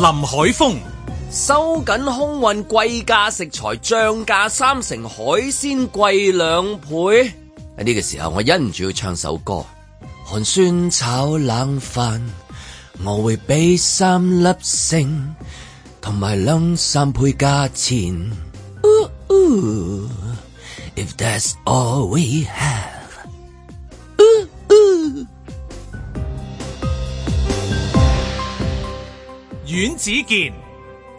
林海峰，收緊空運貴價食材，漲價三成，海鮮貴兩倍。喺呢個時候，我忍唔住要唱首歌。寒酸炒冷飯，我會俾三粒星，同埋兩三倍價錢。哦哦 If 阮子健，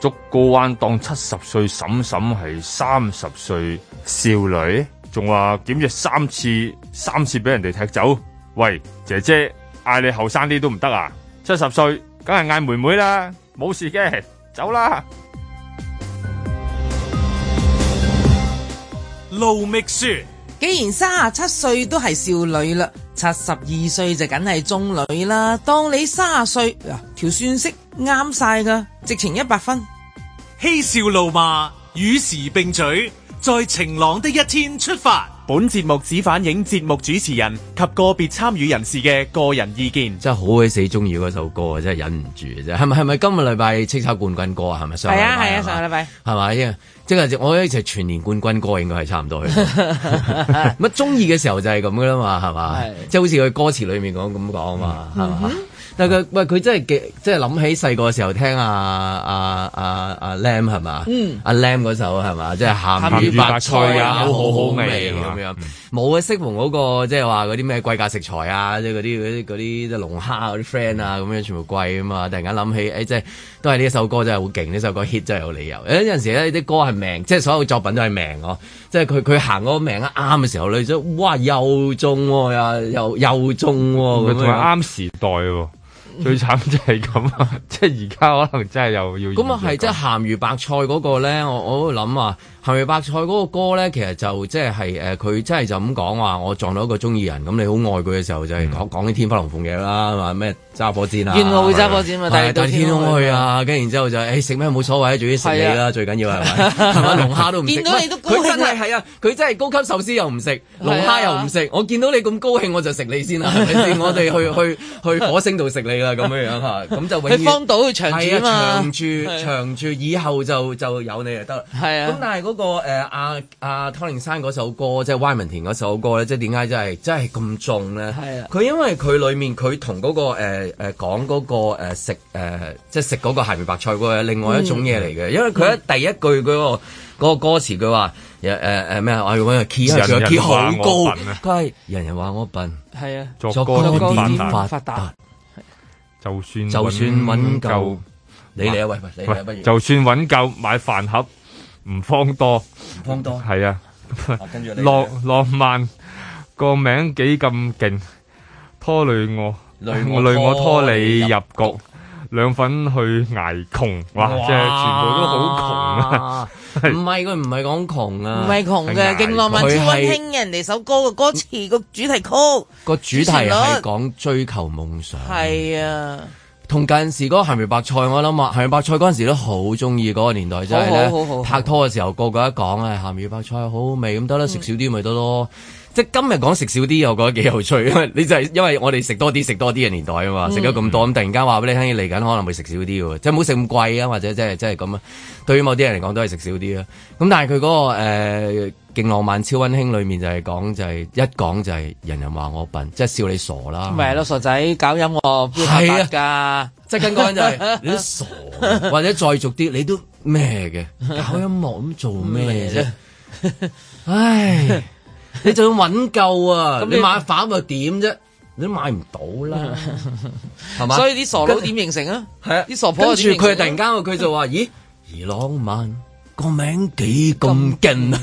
竹篙灣當七十歲嬸嬸係三十歲少女，仲話檢疫三次，三次俾人哋踢走。喂，姐姐嗌你後生啲都唔得啊！七十歲梗係嗌妹妹啦，冇事嘅，走啦。盧覓雪，既然三十七歲都係少女啦，七十二歲就梗係中女啦。當你三十歲，條算式。啱晒噶，直情一百分。嬉笑怒罵與時並舉，在晴朗的一天出發。本節目只反映節目主持人及個別參與人士嘅個人意見。真係好鬼死中意嗰首歌啊！真係忍唔住啊！係咪係咪今日禮拜叱咤冠軍歌啊？係咪？係啊係啊，上個禮拜係嘛？即係我一齊全年冠軍歌應該係差唔多。咁啊，中意嘅時候就係咁噶啦嘛，係嘛？即係好似佢歌詞裏面講咁講嘛，係嘛？喂，佢真係即係諗起細個嘅時候聽阿阿阿阿 Lam 係嘛？阿 Lam 嗰首係嘛？即係鹹魚白菜都、啊啊、好好味咁、啊嗯、樣。冇啊、那個，適逢嗰個即係話嗰啲咩貴價食材啊，即係嗰啲啲嗰啲龍蝦嗰啲 friend 啊，咁樣全部貴啊嘛！突然間諗起誒、哎 uh，即係都係呢首歌真係好勁，呢首歌 hit 真係有理由。有陣時咧啲歌係命，即係所有作品都係命喎。即係佢佢行嗰個命啱嘅時候咧，就哇又中、啊、又又又中咁樣啱時代喎。 最慘就係咁啊！即係而家可能真係又要咁啊！係即係鹹魚白菜嗰個咧，我我都諗啊～鹹魚白菜嗰個歌咧，其實就即係誒，佢真係就咁講話，我撞到一個中意人，咁你好愛佢嘅時候就係講講啲天花龍鳳嘢啦，話咩揸火箭啊，見到會揸火箭嘛，但係天空去啊，跟住然之後就誒食咩冇所謂，最緊要食你啦，最緊要係咪？係咪龍蝦都唔食？見到你都高興，係啊，佢真係高級壽司又唔食，龍蝦又唔食，我見到你咁高興我就食你先啦，係咪我哋去去去火星度食你啦，咁樣樣啊，咁就永遠去荒島長住啊，長住以後就就有你就得啦。係啊，咁但係嗰個阿阿湯靈山嗰首歌，即係 Wyman 田嗰首歌咧，即係點解即係真係咁重咧？係啊！佢因為佢裡面佢同嗰個誒誒講嗰個食誒即係食嗰個鹹魚白菜喎，另外一種嘢嚟嘅。因為佢喺第一句嗰個歌詞，佢話誒誒誒咩啊？我要揾人起一張起漢高人人話我笨，係啊，作歌點發達？就算就算揾夠，你嚟啊！喂喂，你不如？就算揾夠買飯盒。唔放多，唔放多，係啊，浪浪漫個名幾咁勁，拖累我，累我拖你入局，兩份去捱窮，哇，即係全部都好窮啊！唔係佢唔係講窮啊，唔係窮嘅，勁浪漫，只係聽人哋首歌嘅歌詞個主題曲，個主題係講追求夢想，係啊。同近時嗰鹹魚白菜，我諗啊，鹹魚白菜嗰陣時都好中意嗰個年代，真係咧，拍拖嘅時候個個一講啊鹹魚白菜好好味，咁得啦，食少啲咪得咯。嗯、即係今日講食少啲我覺得幾有趣，因為你就係因為我哋食多啲食多啲嘅年代啊嘛，食咗咁多，咁、嗯嗯、突然間話俾你聽，嚟緊可能會食少啲喎，即係唔好食咁貴啊，或者即係即係咁啊。對於某啲人嚟講都係食少啲啦。咁但係佢嗰個、呃勁浪漫超溫馨，裏面就係講就係一講就係人人話我笨，即係笑你傻啦。唔係咯，傻仔搞音樂，係啊噶，即係跟嗰人就係你都傻，或者再俗啲，你都咩嘅？搞音樂咁做咩啫？唉，你就要穩夠啊！咁你買反又點啫？你都買唔到啦，係嘛？所以啲傻佬點形成啊？係啊，啲傻婆住佢突然間，佢就話：咦，而浪漫。個名幾咁勁啊！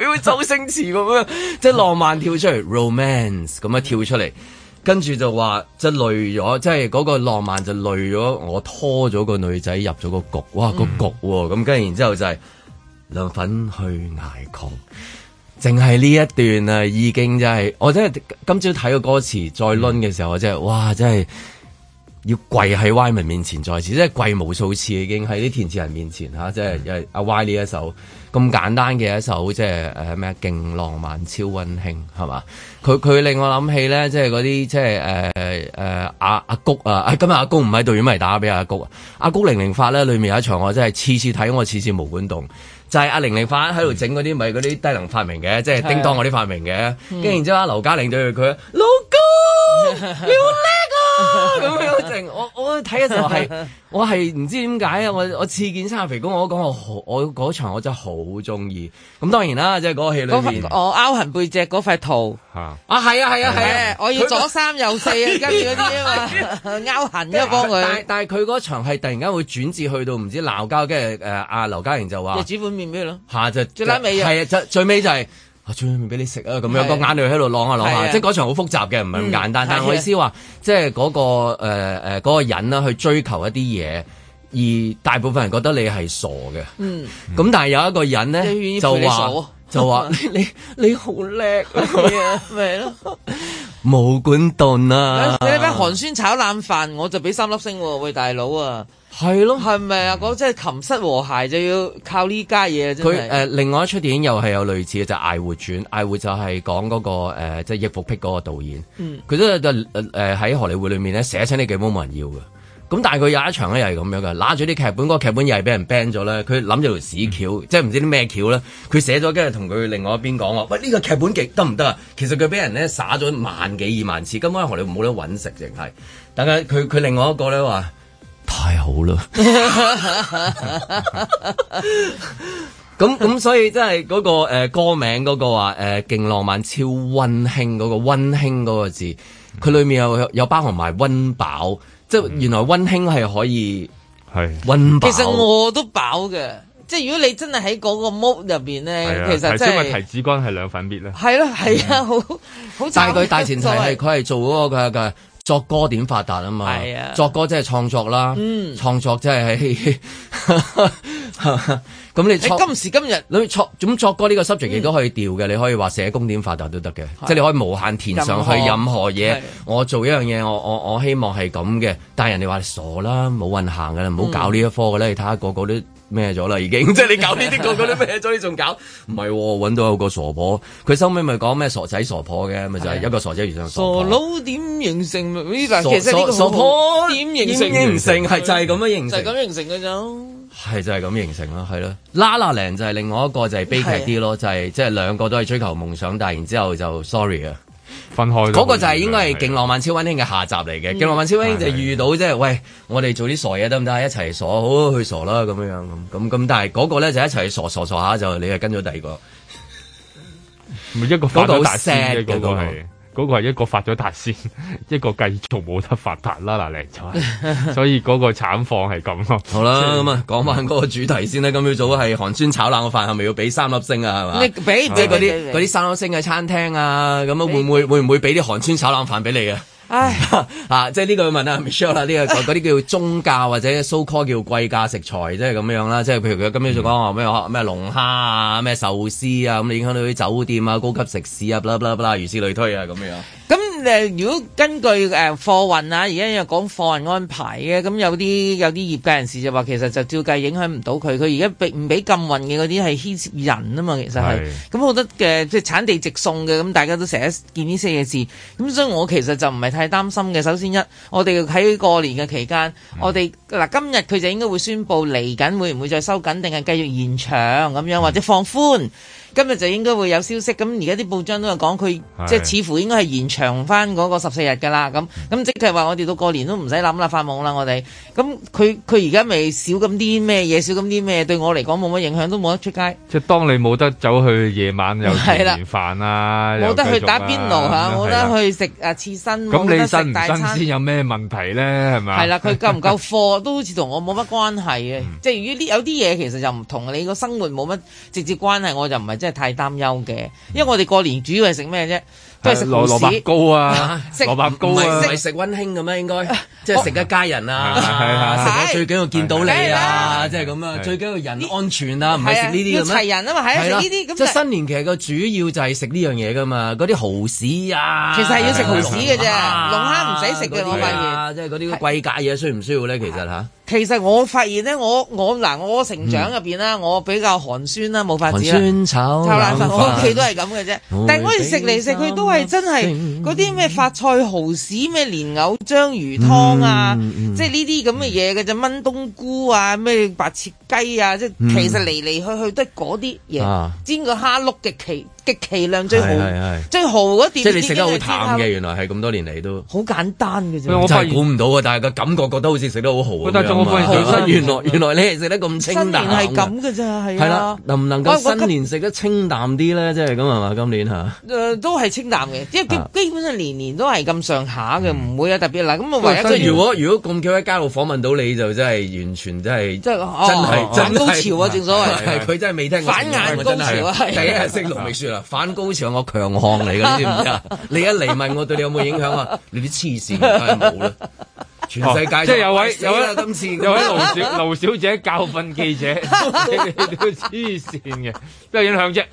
你 會周星馳咁樣，即係 浪漫跳出嚟，romance 咁樣跳出嚟， 跟住就話即係累咗，即係嗰個浪漫就累咗。我拖咗個女仔入咗個局，哇！個局喎、啊，咁跟住然之後，後就係、是、涼粉去挨窮，淨係呢一段啊，已經真、就、係、是、我真係今朝睇個歌詞再掄嘅時候，我真係哇，真係。要跪喺 Y 文面前再次，即係跪無數次已經喺啲填詞人面前嚇、啊，即係阿 Y 呢一首咁簡單嘅一首，即係誒咩啊，勁浪漫超溫馨係嘛？佢佢令我諗起咧，即係嗰啲即係誒誒阿阿谷啊，今日阿谷唔喺度，演咪打俾阿谷啊。阿谷零零發咧，裡面有一場我真係次次睇我次次無管動，就係阿零零發喺度整嗰啲，咪嗰啲低能發明嘅，即係叮當我啲發明嘅，跟住、嗯嗯、然之後阿劉嘉玲對佢你好叻啊！咁樣整我，我睇嘅就係，我係唔知點解啊！我我次見三肥公，我講我我嗰場我真係好中意。咁當然啦，即係嗰戲裏面。我勾痕背脊嗰塊套，吓啊係啊係啊係啊！我要左三右四，跟住嗰啲啊嘛勾痕嘅幫佢。但係佢嗰場係突然間會轉至去到唔知鬧交，跟住誒阿劉嘉玲就話，你煮碗麵俾佢咯下，就最尾係啊！最最尾就係。仲唔俾你食啊！咁樣個、啊、眼淚喺度晾下晾下，啊、即係嗰場好複雜嘅，唔係咁簡單。嗯啊、但係我意思話，即係嗰個誒誒、呃那個、人啦，去追求一啲嘢，而大部分人覺得你係傻嘅。嗯。咁但係有一個人咧，就話就話你你好叻，啊，係咯，毛管戙啊！你班寒酸炒冷飯，我就俾三粒星喎！喂，大佬啊！係咯，係咪啊？講即係琴瑟和諧就要靠呢家嘢，真係。佢誒、呃，另外一出電影又係有類似嘅，就是《艾活傳》，艾活就係講嗰個誒、即、呃、係、就是、易服癖嗰個導演。佢都誒喺荷里活裏面咧寫親啲劇冇人要嘅，咁但係佢有一場咧又係咁樣嘅，拿住啲劇本，嗰、嗰個劇本又係俾人 ban 咗咧。佢諗咗條屎橋，嗯、即係唔知啲咩橋啦。佢寫咗跟住同佢另外一邊講話，喂呢、呢個劇本極得唔得啊？其實佢俾人咧耍咗萬幾二萬次，根本喺荷里活冇得揾食，淨係。但係佢佢另外一個咧話。太好啦！ 咁咁，所以真係嗰、那個誒、呃、歌名嗰個話誒，勁、呃、浪漫超溫馨嗰、那個溫馨嗰個字，佢、嗯、裏面又有，有包含埋溫飽，即係原來溫馨係可以係溫飽。其實我都飽嘅，即係如果你真係喺嗰個 mode 入邊咧，啊、其實真係。所以提子君係兩分別咧。係咯、啊，係啊，啊，啊，好好。但係佢大前提係佢係做嗰個嘅嘅。作歌點發達啊嘛，啊作歌即係創作啦，嗯、創作即係咁你創。今時今日，你作咁作歌呢個 subject 亦、嗯、都可以調嘅，你可以話寫功點發達都得嘅，即係你可以無限填上去任何嘢。何啊、我做一樣嘢，我我我希望係咁嘅，但係人哋話你傻啦，冇運行㗎啦，唔好、嗯、搞呢一科嘅咧。你睇下個個都。咩咗啦，已經即係你搞呢啲 個，個個都咩咗，你仲搞？唔係揾到有個傻婆，佢收尾咪講咩傻仔傻婆嘅，咪的就係一個傻仔遇上傻婆。傻佬點形成？其實呢個傻婆點形成？形成係就係咁樣形成，咁形成嘅對對就係就係咁形成啦，係啦、就係。La La Land 就係另外一個就係、是、悲劇啲咯的、就係，就係即係兩個都係追求夢想，但然之後就 sorry 啊。分開嗰個就係應該係勁浪漫超溫馨嘅下集嚟嘅，勁浪漫超溫馨就遇到即係，是是喂，我哋做啲傻嘢得唔得？一齊傻，好，好去傻啦，咁樣樣咁咁咁，但係嗰個咧就一齊傻傻傻，傻下你就你係跟咗第二個，唔係一個好大聲嘅，個係。那個嗰個係一個發咗達先，一個繼續冇得發達啦，嗱嚟咗，所以嗰個慘況係咁咯。 好啦，咁啊講返嗰個主題先啦。咁朝早係韓村炒冷飯，係咪要俾三粒星啊？係嘛你？吧你俾即係嗰啲啲三粒星嘅餐廳啊？咁啊會唔會會唔會俾啲韓村炒冷飯俾你啊？唉， 啊，即係呢個要問啊，Michelle 啦，這個，呢個嗰啲叫中價或者 so call 叫貴價食材，即係咁樣啦，即係譬如佢今朝就講話咩啊咩龍蝦啊，咩壽司啊，咁你影響到啲酒店啊，高級食肆啊，啦啦啦，如此類推啊，咁樣。嗯如果根據誒、呃、貨運啊，而家又講貨運安排嘅，咁有啲有啲業界人士就話其實就照計影響唔到佢，佢而家並唔俾禁運嘅嗰啲係牽涉人啊嘛，其實係，咁好是多嘅即係產地直送嘅，咁大家都成日見呢四嘢事，咁所以我其實就唔係太擔心嘅。首先一，我哋喺過年嘅期間，嗯、我哋。嗱，今日佢就應該會宣布，嚟緊會唔會再收緊定係繼續延長咁樣，或者放寬，今日就應該會有消息。咁而家啲報章都係講佢，是的 即係似乎應該係延長翻嗰個十四日㗎啦。咁咁即係話我哋到過年都唔使諗啦，發夢啦我哋。咁佢佢而家未少咁啲咩嘢，少咁啲咩對我嚟講冇乜影響，都冇得出街。即係當你冇得走去夜晚又食完飯啊，冇的、啊、得去打邊爐吓，冇得去食啊刺身，冇的得食大餐。咁你新唔新鮮有咩問題咧？係咪？係啦，佢夠唔夠貨？都好似同我冇乜關係嘅，即係如果呢有啲嘢，其實就唔同你個生活冇乜直接關係，我就唔係真係太擔憂嘅，因為我哋過年主要係食咩啫？即係食羅蘿蔔糕啊，蘿蔔糕啊，唔係食溫馨咁啊？應該即係食一家人啊，係啊，食到最緊要見到你啊，即係咁啊，最緊要人安全啊。唔係食呢啲咁啊？要齊人啊嘛，係啊，食呢啲咁。即係新年其實個主要就係食呢樣嘢噶嘛，嗰啲蠔豉啊，其實係要食蠔豉嘅啫，龍蝦唔使食嘅，我發現。即係嗰啲貴價嘢需唔需要咧？其實吓。其實我發現咧，我我嗱，我，我成長入邊啦，嗯、我比較寒酸啦，冇法子。寒酸醜。就啦，我屋企都係咁嘅啫。沒沒但係我哋食嚟食去都係真係嗰啲咩發菜蠔豉，咩蓮藕章魚湯啊，嗯嗯、即係呢啲咁嘅嘢嘅就炆冬菇啊，咩白切雞啊，即係其實嚟嚟去去都係嗰啲嘢，嗯啊、煎個蝦碌嘅奇。極其量最好最好嗰啲，即係你食得好淡嘅，原來係咁多年嚟都好簡單嘅啫。我真係估唔到啊！但係個感覺覺得好似食得好豪，覺得我發現原來原來你係食得咁清淡。新年係咁嘅啫，係啦，能唔能夠新年食得清淡啲咧？即係咁係嘛？今年嚇都係清淡嘅，即係基基本上年年都係咁上下嘅，唔會有特別嗱。咁我為咗，如果如果咁巧喺街度訪問到你就真係完全真係真係真高潮啊！正所謂佢真係未聽過反眼高潮啊！第一日識六味雪啊！反高潮我強項嚟噶，你知唔知啊？ 你一嚟問我，對你有冇影響啊？ 你啲黐線梗係冇啦。全世界即係有位有位今次有位盧小，盧小姐教訓記者，你都黐線嘅，邊有影響啫？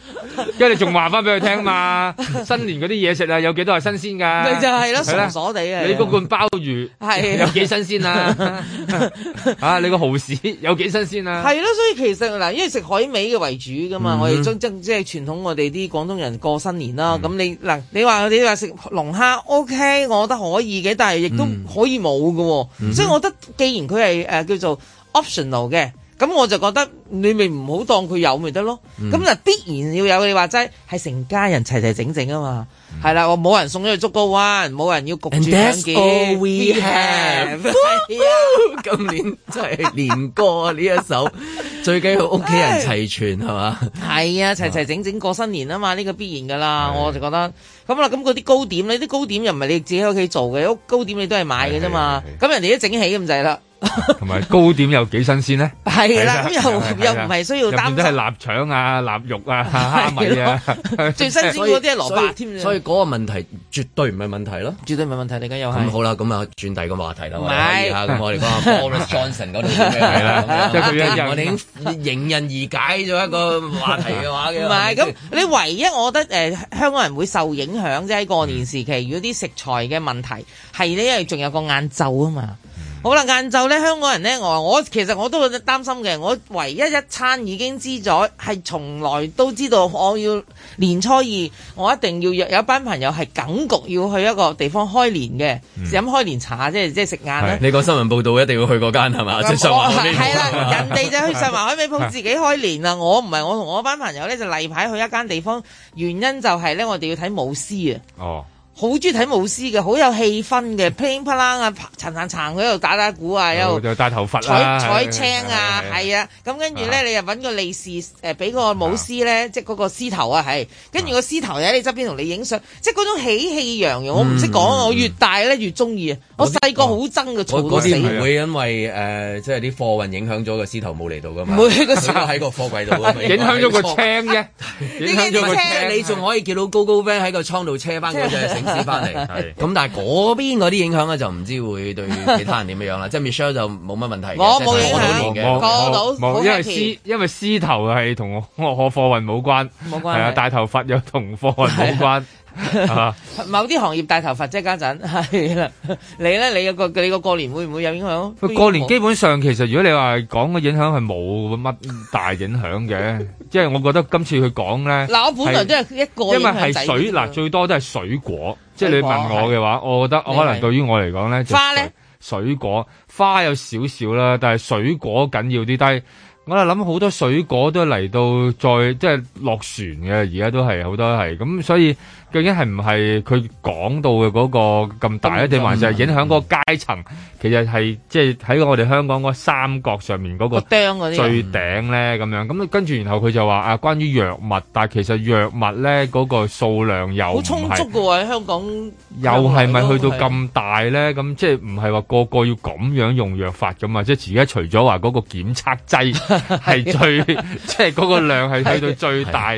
因為你仲話翻俾佢聽嘛，新年啲嘢食啊，有幾多係新鮮㗎？咪就係咯，傻傻哋啊，你嗰罐鮑魚係有幾新鮮啊？啊，你個蠔豉有幾新鮮啊？係咯，所以其實嗱，因為食海味嘅為主㗎嘛，我哋中即係傳統我哋啲廣東人過新年啦。咁你嗱，你話你話食龍蝦 OK，我覺得可以嘅，但係亦都可以冇㗎。嗯、所以，我覺得既然佢係誒叫做 optional 嘅。咁我就覺得你咪唔好當佢有咪得咯，咁嗱必然要有。你話齋係成家人齊齊整整啊嘛，係啦、嗯，我冇人送咗去竹篙灣，冇人要焗住 今年真係年歌啊！呢 一首最緊要屋企人齊全係嘛？係啊，齊齊整整，整過新年啊嘛，呢、這個必然噶啦，是我就覺得。咁啦，咁嗰啲糕點呢，啲糕點又唔係你自己喺屋企做嘅，屋糕點你都係買嘅啫嘛，咁人哋一整起咁就係啦。是同埋糕點又幾新鮮咧？係啦，又又唔係需要擔心。入面都係臘腸啊、臘肉啊、蝦米啊，最新鮮嗰啲係蘿蔔添。所以嗰個問題絕對唔係問題咯，絕對唔係問題。你而家又咁好啦，咁啊轉第二個話題啦，吓我哋講 Boris Johnson 嗰啲嘅嘢啦，即係佢已經迎刃而解咗一個話題嘅話嘅。唔係咁，你唯一我覺得誒，香港人會受影響啫，喺過年時期，如果啲食材嘅問題係咧，因為仲有個晏晝啊嘛。好啦，晏晝咧，香港人咧，我我其實我都有擔心嘅。我唯一一餐已經知咗，係從來都知道我要年初二，我一定要約有一班朋友係梗局要去一個地方開年嘅，飲、嗯、開年茶即係即係食晏啦。你講新聞報道一定要去嗰間係嘛？即係上環。係啦我， 人哋就去上環海味舖自己開年啦。 我唔係，我同我班朋友咧就例牌去一間地方，原因就係咧，我哋要睇舞獅啊。哦。好中意睇舞獅嘅，好有氣氛嘅，噼呤啪啷啊，鏹鏹鏹佢喺度打打鼓啊，又就戴頭佛啦，採採青啊，係啊，咁跟住咧，你又揾個利是誒，俾個舞獅咧，即係嗰個獅頭啊，係，跟住個獅頭喺你側邊同你影相，即係嗰種喜氣洋洋，我唔識講啊，我越大咧越中意啊，我細個好憎嘅嘈到死。唔會因為誒，即係啲貨運影響咗個獅頭冇嚟到㗎嘛，唔會，個獅頭喺個貨櫃度，影響咗個青啫，影響咗個青，你仲可以見到高高 van 喺個倉度車翻嗰翻嚟，咁但係嗰邊嗰啲影響咧就唔知會對其他人點樣啦。即係 Michelle 就冇乜問題，過到年嘅，冇，因為獅因為獅頭係同我我貨運冇關，冇關，係啊大頭佛又同貨運冇關。啊、某啲行業大頭佛啫家陣係啦，你咧你個你個過年會唔會有影響？過年基本上其實如果你話講個影響係冇乜大影響嘅，即係 我覺得今次佢講咧嗱，我本來都係一個，因為係水嗱，啊、最多都係水果，的即係你問我嘅話，的我覺得我可能對於我嚟講咧花咧水果花,呢花有少少啦，但係水果緊要啲。但係我諗好多水果都嚟到再即係落船嘅，而家都係好多係咁，所以。究竟係唔係佢講到嘅嗰個咁大，定還是係影響嗰個階層？其實係即係喺我哋香港嗰三角上面嗰個釘嗰啲最頂咧咁樣。咁跟住，然後佢就話啊，關於藥物，但係其實藥物咧嗰個數量又好充足嘅喎，喺香港又係咪去到咁大咧？咁即係唔係話個個要咁樣用藥法咁啊？即係而家除咗話嗰個檢測劑係最，即係嗰個量係去到最大。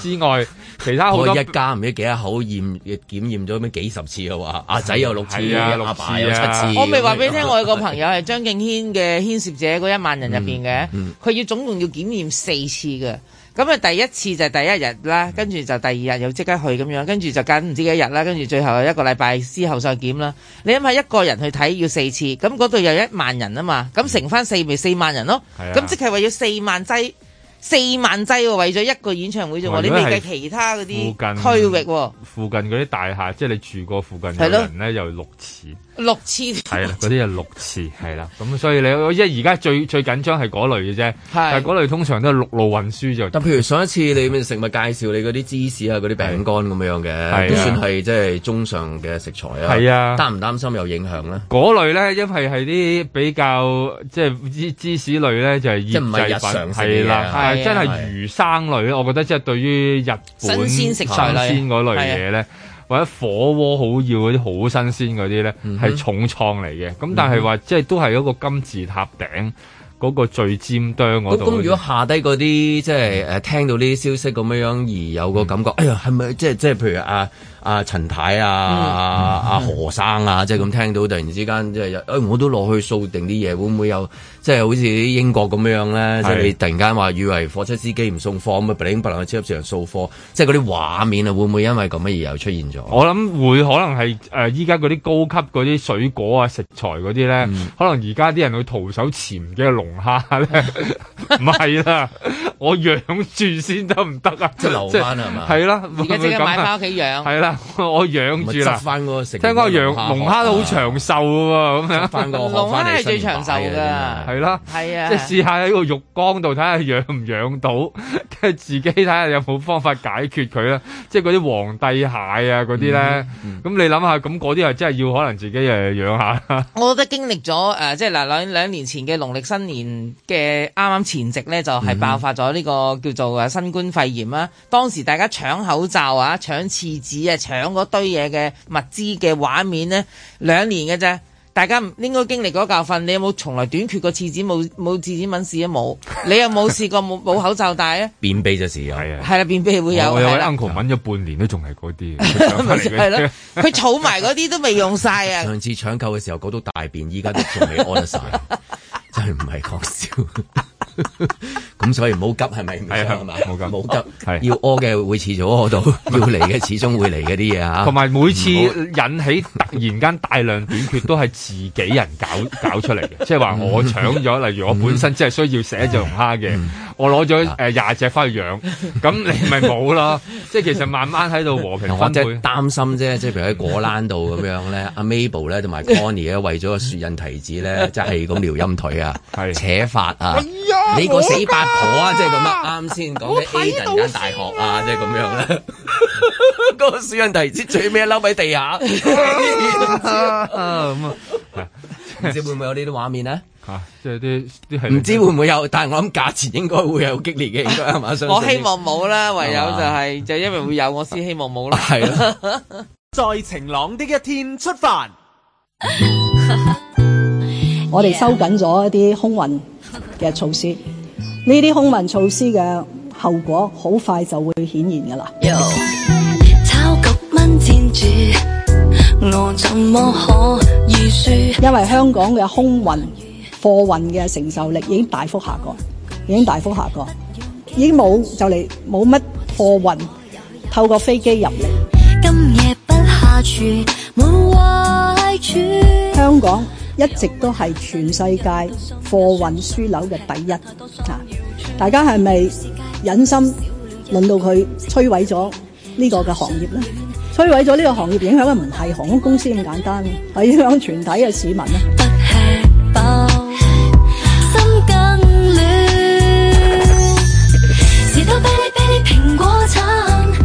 之外，其他好多一家唔知幾多口驗檢驗咗咩幾十次啊。話，阿仔有六次，啊，爸有七次。次啊、我未話俾你聽，我有個朋友係張敬軒嘅牽涉者，嗰一萬人入邊嘅，佢要、嗯嗯、總共要檢驗四次嘅。咁啊，第一次就第一日啦，嗯、跟住就第二日又即刻去咁樣，跟住就間唔知幾多日啦，跟住最後一個禮拜之後再檢啦。你諗下一個人去睇要四次，咁嗰度有一萬人啊嘛，咁乘翻四咪、就是、四萬人咯，咁、啊、即係話要四萬劑。四萬劑、哦、為咗一個演唱會，仲、哦、你未計其他嗰啲區域？附近嗰啲、哦、大廈，即係你住過附近嘅人咧，又的六次。六次係啦，嗰啲係六次係啦，咁所以你即係而家最最緊張係嗰類嘅啫，係但嗰類通常都係陸路運輸啫。但譬如上一次你咪食物介紹你嗰啲芝士啊嗰啲餅乾咁樣嘅，都算係即係中上嘅食材啊。係啊，擔唔擔心有影響咧？嗰類咧，因為係啲比較即係芝士類咧，就係即唔係日常性嘅，係真係魚生類。我覺得即係對於日本新鮮食材新鮮嗰類嘢咧。或者火鍋好要嗰啲好新鮮嗰啲咧，係、嗯、哼重創嚟嘅。咁、嗯、哼但係話即係都係一個金字塔頂嗰、嗰個最尖端嗰度。咁、嗯、哼如果下低嗰啲即係誒聽到呢啲消息咁樣樣而有個感覺，嗯、哎呀，係咪即係即係譬如啊？阿、啊、陳太啊，阿阿、嗯啊、何生啊，即係咁聽到，突然之間即係，誒、欸、我都落去掃定啲嘢，會唔會有即係好似英國咁樣咧？即係你突然間話，以為貨車司機唔送貨，咁啊，兵拔嚟去超級市場掃貨，即係嗰啲畫面啊，會唔會因為咁嘅嘢又出現咗？我諗會可能係誒，依家嗰啲高級嗰啲水果啊、食材嗰啲咧，嗯、可能而家啲人去徒手潛嘅龍蝦咧，唔係啦，我養住先得唔得啊？即係留翻係嘛？係啦，而家直接買翻屋企養係啦。 我養住啦，聽講養龍蝦都好長壽喎，咁樣龍蝦係最長壽噶，係咯，係啊，即係試下喺個浴缸度睇下養唔養到，跟住自己睇下有冇方法解決佢啦。即係嗰啲皇帝蟹啊，嗰啲咧，咁你諗下，咁嗰啲係真係要可能自己誒養下。我覺得經歷咗誒，即係嗱兩兩年前嘅農曆新年嘅啱啱前夕咧，就係、是、爆發咗呢個叫做誒新冠肺炎啦、啊。當時大家搶口罩啊，搶廁紙啊。搶嗰堆嘢嘅物資嘅畫面咧，兩年嘅啫，大家唔應該經歷嗰教訓。你有冇從來短缺過廁紙？冇冇廁紙問世都冇。你有冇試過冇冇口罩戴啊？便秘就時有，係啦、啊啊，便秘會有。我有位 uncle 搵咗半年都仲係嗰啲，係咯，佢儲埋嗰啲都未用晒啊！ 上次搶購嘅時候搞到、那個、大便，依家都仲未屙得晒，真係唔係講笑。 咁所以唔好急，係咪？係啊，係嘛，唔好急，唔好急，要屙嘅會遲早屙到，要嚟嘅始終會嚟嘅啲嘢啊。同埋每次引起突然間大量短缺，都係自己人搞搞出嚟嘅，即係話我搶咗，例如我本身只係需要寫隻龍蝦嘅，我攞咗誒廿隻翻去養，咁你咪冇咯。即係其實慢慢喺度和平分配。我即係擔心啫，即係譬如喺果欄度咁樣咧，阿 Mabel 咧同埋 Conny 咧為咗個雪印提子咧，即係咁撩陰腿啊，扯髮啊。你個死八婆啊！即係咁啊，啱先講啲 A 等間大學啊，即係咁樣啦。嗰個小人唔知最屘嬲喺地下。咁 ciert os 啊，唔、就是就是、知會唔會有呢啲畫面咧？吓，即係啲唔知會唔會有？但係我諗價錢應該會有激烈嘅，應該係嘛？ 我希望冇啦，唯有就係、是、 就因為會有，我先希望冇啦。係啦，在晴朗的一天出發。我哋收緊咗一啲空運嘅措施，呢啲空運措施嘅後果好快就會顯現㗎喇。因為香港嘅空運貨運嘅承受力已經大幅下降，已經大幅下降，已經冇就嚟冇乜貨運透過飛機入嚟香港。一直都係全世界貨運樞紐嘅第一嚇，大家係咪忍心令到佢摧毀咗呢個嘅行業呢？摧毀咗呢個行業影響嘅唔係航空公司咁簡單嘅，係影響全體嘅市民咧。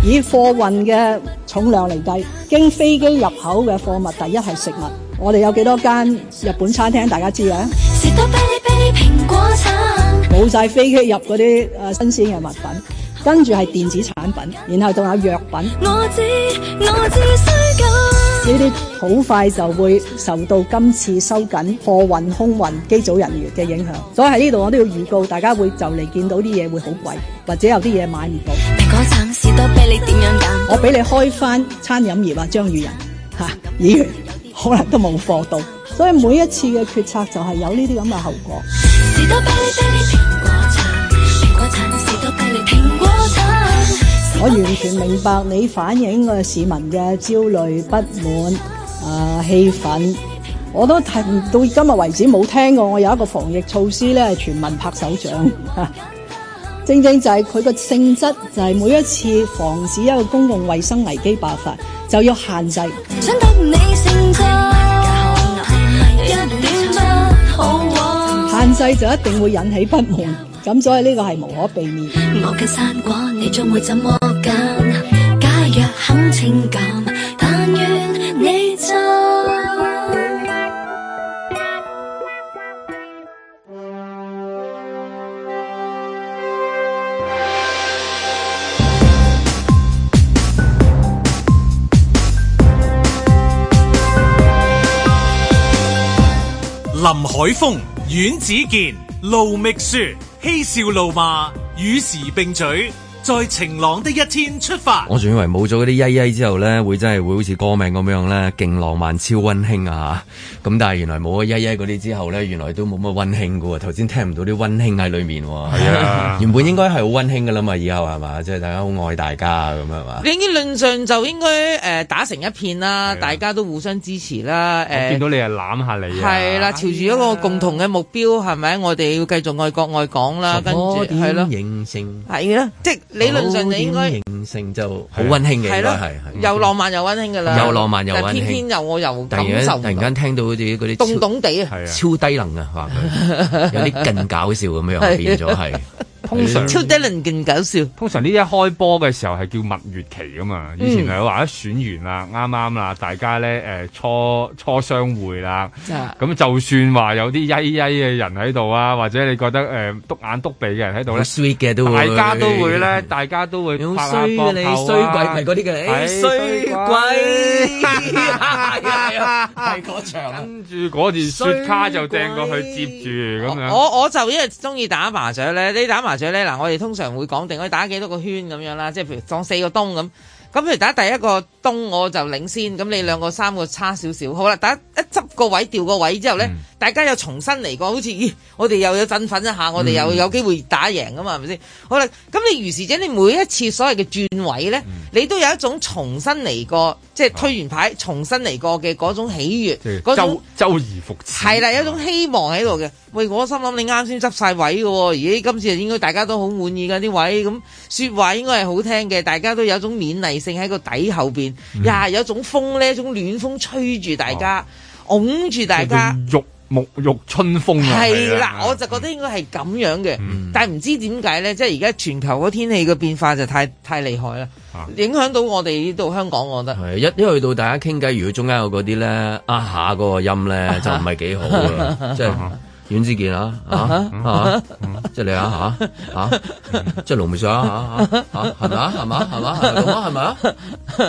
以貨運嘅重量嚟計，經飛機入口嘅貨物，第一係食物。我哋有幾多間日本餐廳？大家知啊！冇晒飛機入嗰啲誒新鮮嘅物品，跟住係電子產品，然後仲有藥品。呢啲好快就會受到今次收緊貨運、空運機組人員嘅影響。所以喺呢度我都要預告，大家會就嚟見到啲嘢會好貴，或者有啲嘢買唔到。蘋果橙士多啤梨點樣揀？我俾你開翻餐飲業啊，張宇人吓議員。可能都冇貨到，所以每一次嘅決策就係有呢啲咁嘅後果。 我完全明白你反映嘅市民嘅焦慮、不滿、啊、呃、氣憤。我都聽到今日為止冇聽過，我有一個防疫措施咧，係全民拍手掌。 正正就係佢個性質就係每一次防止一個公共衛生危機爆發，就要限制，限制就一定會引起不滿。咁所以呢個係無可避免。林海峰、阮子健、盧覓雪，嬉笑怒罵與時並舉。在晴朗的一天出發，我仲以為冇咗嗰啲曳曳之後呢，會真係會好似歌名咁樣咧，勁浪漫，超溫馨啊。咁但係原來冇咗曳曳嗰啲之後呢，原來都冇乜溫馨噶喎。頭先聽唔到啲溫馨喺裏面，係啊，原本應該係好溫馨噶啦嘛，以後係嘛，即係大家好愛大家啊咁啊嘛。你啲論上就應該誒打成一片啦，大家都互相支持啦。我見到你啊攬下你，係啦，朝住一個共同嘅目標係咪？我哋要繼續愛國愛港啦，跟住係咯，形成係啦，即理論上你應該，形成就好溫馨嘅，係咯了，係係、嗯，又浪漫又溫馨㗎啦，又浪漫又溫馨，天天又我又感受。突然，突然間聽到啲，啲嗰啲，凍凍地啊，超低能啊，話佢有啲更搞笑咁樣 變咗係。是啊 通常超低能勁搞笑。通常呢一開波嘅時候係叫蜜月期啊嘛，嗯、以前係話一選完啦，啱啱啦，大家咧誒、呃、初初相會啦，咁、啊、就算話有啲曳曳嘅人喺度啊，或者你覺得誒篤、呃、眼篤鼻嘅人喺度咧，sweet 嘅都會大家都會咧，是大家都會你，好衰嘅你衰鬼係啲嘅，衰鬼。啊！係嗰場，跟住嗰段雪卡就掟過去接住咁樣。我我，我就因為中意打麻雀咧，你打麻雀咧嗱，我哋通常會講定，可以打幾多個圈咁樣啦，即係譬如裝四個東咁。咁譬如打第一個東我就領先，咁你兩個三個差少少，好啦，打一執個位掉個位之後咧，嗯、大家又重新嚟過，好似咦，我哋又有振奮一下，我哋又有機會打贏噶嘛，係咪先？好啦，咁你如是者，你每一次所謂嘅轉位咧，嗯、你都有一種重新嚟過，嗯、即係推完牌重新嚟過嘅嗰種喜悅是種，周而復始，係啦，有一種希望喺度嘅。喂，我心諗你啱先執晒位嘅，咦、哎，今次應該大家都好滿意嘅啲位，咁說話應該係好聽嘅，大家都有種勉勵。正喺個底後邊，又、嗯、有一種風呢，一種暖風吹住大家，擁住、啊、大家，沐沐浴春風啊！係啦的，嗯、我就覺得應該係咁樣嘅，嗯、但係唔知點解呢？即係而家全球個天氣嘅變化就太太厲害啦，影響到我哋呢度香港，我覺得係一一去到大家傾偈，如果中間有嗰啲呢，啊，下嗰個音呢，就唔係幾好嘅，即係。遠志健啊，啊啊，即係你啊，啊啊，即係龍眉箱啊，啊啊啊，係咪啊，係嘛，係嘛，係嘛，係咪啊？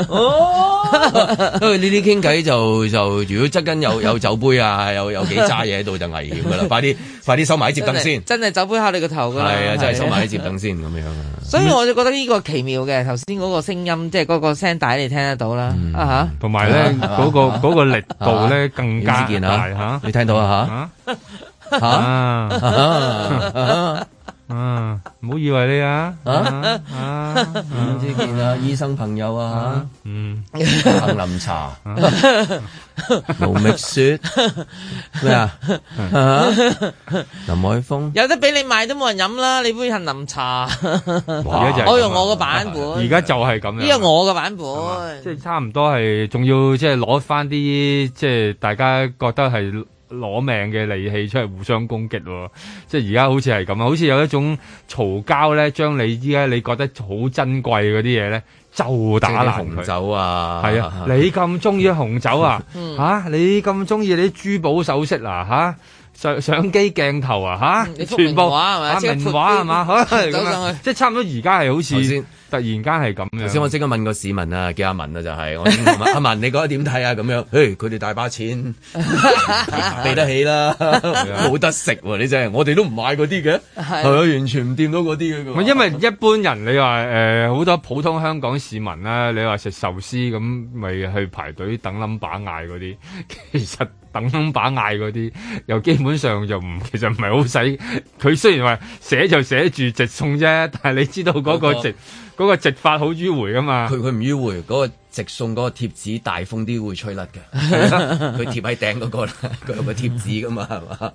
哦，因為呢啲傾偈就就，如果側跟有有酒杯啊，有有幾揸嘢喺度就危險噶啦，快啲快啲收埋啲折凳先。真係酒杯下你個頭噶。係啊，真係收埋啲折凳先咁樣。所以我就覺得呢個奇妙嘅，頭先嗰個聲音，即係嗰個聲帶你聽得到啦，啊同埋咧嗰個個力度咧更加勁吓，你聽到啊？吓。吓，嗯，唔好以為你啊，啊，點知見啊，醫生朋友啊，嗯，杏林茶，盧覓雪，咩啊？林海峰，有得俾你買都冇人飲啦，你杯杏林茶，而家就係，我用我個版本，而家就係咁樣，呢個我個版本，即係差唔多係，仲要即係攞翻啲，即係大家覺得係。攞命嘅利器出嚟互相攻擊喎、哦，即係而家好似係咁啊！好似有一種嘈交咧，將你依家你覺得好珍貴嗰啲嘢咧，就打爛佢。紅酒啊，係啊，你咁中意紅酒啊？嚇、啊， 你咁中意你啲珠寶首飾嗱、啊、嚇，相、 啊啊啊、相機鏡頭啊嚇，啊嗯、全部畫係咪啊？名畫係嘛？即 係差唔多，而家係好似。突然間係咁，頭先我即刻問個市民啊，叫阿文啊，就係、我問， 阿文你覺得點睇啊？咁樣，佢、hey，哋大把錢俾 得起啦，冇 得食喎、啊！你真係，我哋都唔買嗰啲嘅，係 啊，完全唔掂到嗰啲嘅。 因為一般人，你話誒好多普通香港市民啦，你話食壽司咁，咪去排隊等冧把嗌嗰啲，其實。等把嗌嗰啲，又基本上就唔，其實唔係好使。佢雖然話寫就寫住直送啫，但係你知道嗰個直嗰、嗰個、直發好、嗰個、迂迴噶嘛？佢佢唔迂迴，嗰、嗰個直送嗰個貼紙大風啲會吹甩嘅。佢 貼喺頂嗰、嗰個，佢有個貼紙噶嘛？係嘛？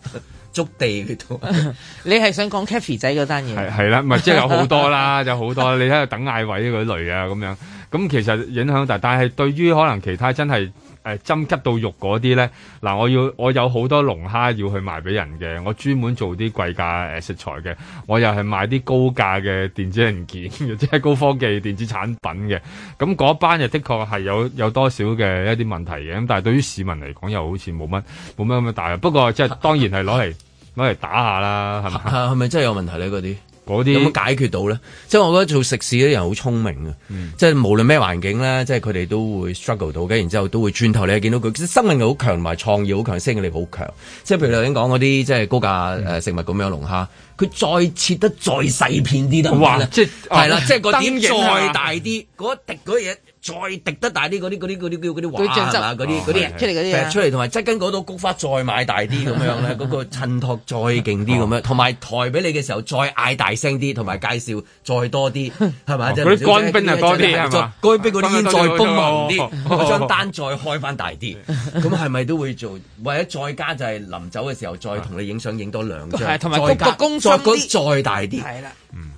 築 地嗰的度， 你係想講 Kathy 仔嗰單嘢？係係啦，唔係即係有好多啦，即係、有好多。 你喺度等嗌位嗰類啊咁樣，咁其實影響大。但係對於可能其他真係。誒針拮到肉嗰啲咧，嗱，我要我有好多龍蝦要去賣俾人嘅，我專門做啲貴價誒食材嘅，我又係賣啲高價嘅電子零件嘅，即係高科技電子產品嘅，咁嗰班就的確係有有多少嘅一啲問題嘅，咁但係對於市民嚟講又好似冇乜冇乜咁樣大，不過即係當然係攞嚟攞嚟打下啦，係咪？係咪 真係有問題咧嗰啲？嗰啲有冇解決到咧？即係我覺得做食肆啲人好聰明啊、嗯，即係無論咩環境咧，即係佢哋都會 struggle 到嘅，然之後都會轉頭你係見到佢，即係生命好強，同埋創意好強，適應力好強。即係譬如頭先講嗰啲即係高價誒食物咁樣龍蝦，佢再切得再細片啲都，係啦哇，可可即係個點再大啲，嗰一,一滴嗰嘢。再滴得大啲，嗰啲嗰啲嗰啲叫嗰啲畫係嘛，嗰啲嗰啲出嚟嗰啲出嚟，同埋側跟嗰朵菊花再買大啲咁樣咧，嗰個襯托再勁啲咁樣，同埋抬俾你嘅時候再嗌大聲啲，同埋介紹再多啲，係咪？嗰啲乾冰啊多啲係嘛？乾冰嗰啲煙再豐滿啲，嗰張單再開翻大啲，咁係咪都會做？或者再加就係臨走嘅時候再同你影相影多兩張，同埋個公叔再大啲，係啦，嗯。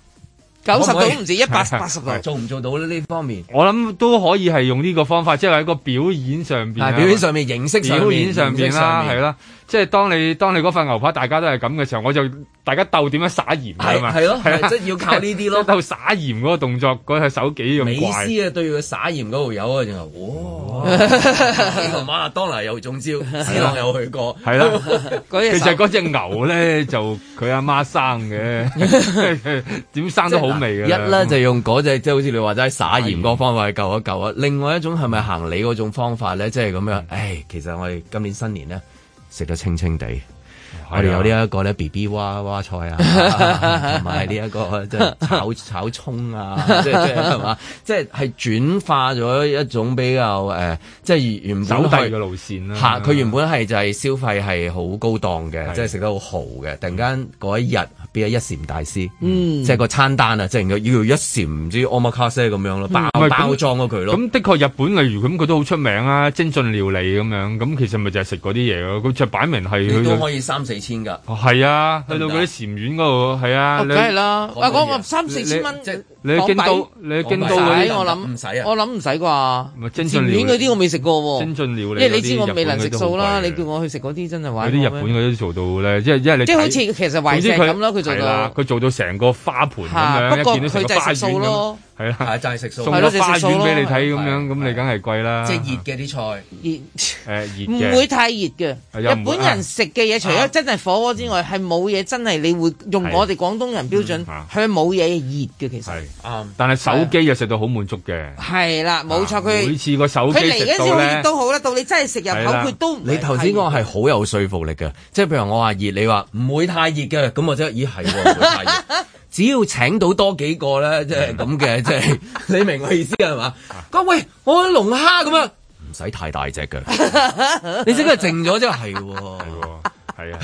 九十度都唔止，一百八十度，做唔做到呢方面？我諗都可以係用呢個方法，即係喺個表演上邊。啊，表演上邊吧形式上面表演上邊啦，係啦。即係當你當你嗰份牛扒大家都係咁嘅時候，我就大家鬥點樣灑鹽㗎嘛。係咯，係啊，即係要靠呢啲咯。即係鬥灑鹽嗰個動作，嗰隻手幾用怪。美斯啊，對佢灑鹽嗰條友啊，就哇，哇，馬勒當拿又中招。斯朗又去過，係啦。其實嗰隻牛咧，就佢阿媽生嘅，點生都好味嘅。一咧就用嗰隻，即係好似你話齋灑鹽嗰方法去救一救啊。另外一種係咪行李嗰種方法咧？即係咁樣。唉，其實我哋今年新年咧。食得清清地，哦、我哋有呢一個咧，B B 娃娃菜啊，同埋呢一個即係炒 炒葱啊，即係係嘛，即係係轉化咗一種比較誒，即、呃、係、就係、原走嘅路線啦、啊。嚇，佢原本係就係消費係好高檔嘅，即係食得好豪嘅，突然間嗰一日。嗯變咗一禪大師，即係個餐單啊，即係要一禪唔知 omakase 咁樣咯，包包裝咗佢咯。咁的確日本例如咁，佢都好出名啊，精進料理咁樣。咁其實咪就係食嗰啲嘢咯，佢就擺明係。亦都可以三四千噶。係啊，去到嗰啲禪院嗰度，係啊。梗係啦，啊，講個三四千蚊。你京都，你京都，我諗唔使啊，我諗唔使啩。精進料理啲我未食過精進料理。即係你知我未能食素啦，你叫我去食嗰啲真係話。嗰啲日本嗰啲做到咧，即係即係你。即係好似其實係啦，佢做到成個花盆咁樣，的一見到成個花園咁。係啦，就係食素，送個花卷俾你睇咁樣，咁你梗係貴啦。即係熱嘅啲菜，熱誒熱，唔會太熱嘅。日本人食嘅嘢，除咗真係火鍋之外，係冇嘢真係你會用我哋廣東人標準，佢冇嘢熱嘅。其實，啱。但係手機又食到好滿足嘅。係啦，冇錯。佢每次個手機食都好啦。到你真係食入口，佢都你頭先講係好有說服力嘅。即係譬如我話熱，你話唔會太熱嘅，咁我即係咦係喎，唔會太熱。只要請到多幾個咧，即係咁嘅，即係你明我意思啊？係嘛？喂，我龍蝦咁樣，唔使太大隻嘅。你知唔知靜咗之後係喎？係喎，係啊。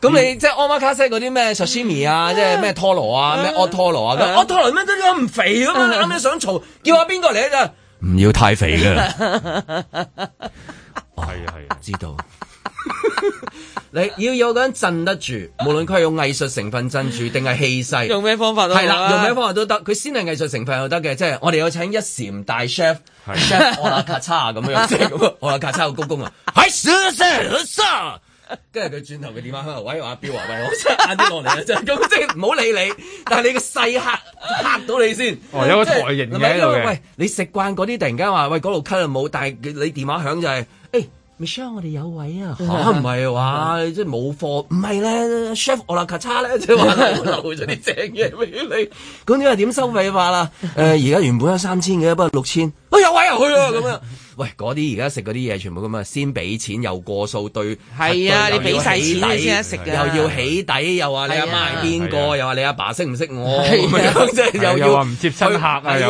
咁你即係奧馬卡西嗰啲咩壽 m 米啊，即係咩 t o 拖羅啊，咩 o 惡拖 o 啊，咁 o 惡拖羅乜都咁唔肥咁樣，你啱啱想嘈，叫下邊個嚟啊？唔要太肥嘅。係啊係啊，知道。 你要有個人鎮得住，無論佢係用藝術成分鎮住，定係氣勢，用咩方法都係啦，用咩方法都得。佢先係藝術成分又得嘅，即係我哋有請一禪大 chef，chef 我阿卡叉咁樣，即係我阿卡叉個公公啊，係先生，跟住佢轉頭佢電話響度，喂，阿彪啊，喂，我 即啲落嚟啦，即係咁，即係唔好理你，但係你個細客嚇到你先，哦，有個台型嘅，喂，你食慣嗰啲，突然間話喂嗰度咳啊冇，但係你電話響就係、是。m i 我哋有位啊，嚇唔係話，即係冇貨，唔係咧，chef 我啦卡叉咧，即係 我留咗啲正嘢俾你，咁呢個點收費法啊？誒、 呃，而家原本有三千幾，不過六千，我有位入去啊，咁樣。 喂，嗰啲而家食嗰啲嘢全部咁啊！先俾錢又過數對，係啊！你俾晒錢先啊，食嘅又要起底，又話你阿媽見過，又話你阿爸識唔識我？即係又要話唔接新客，係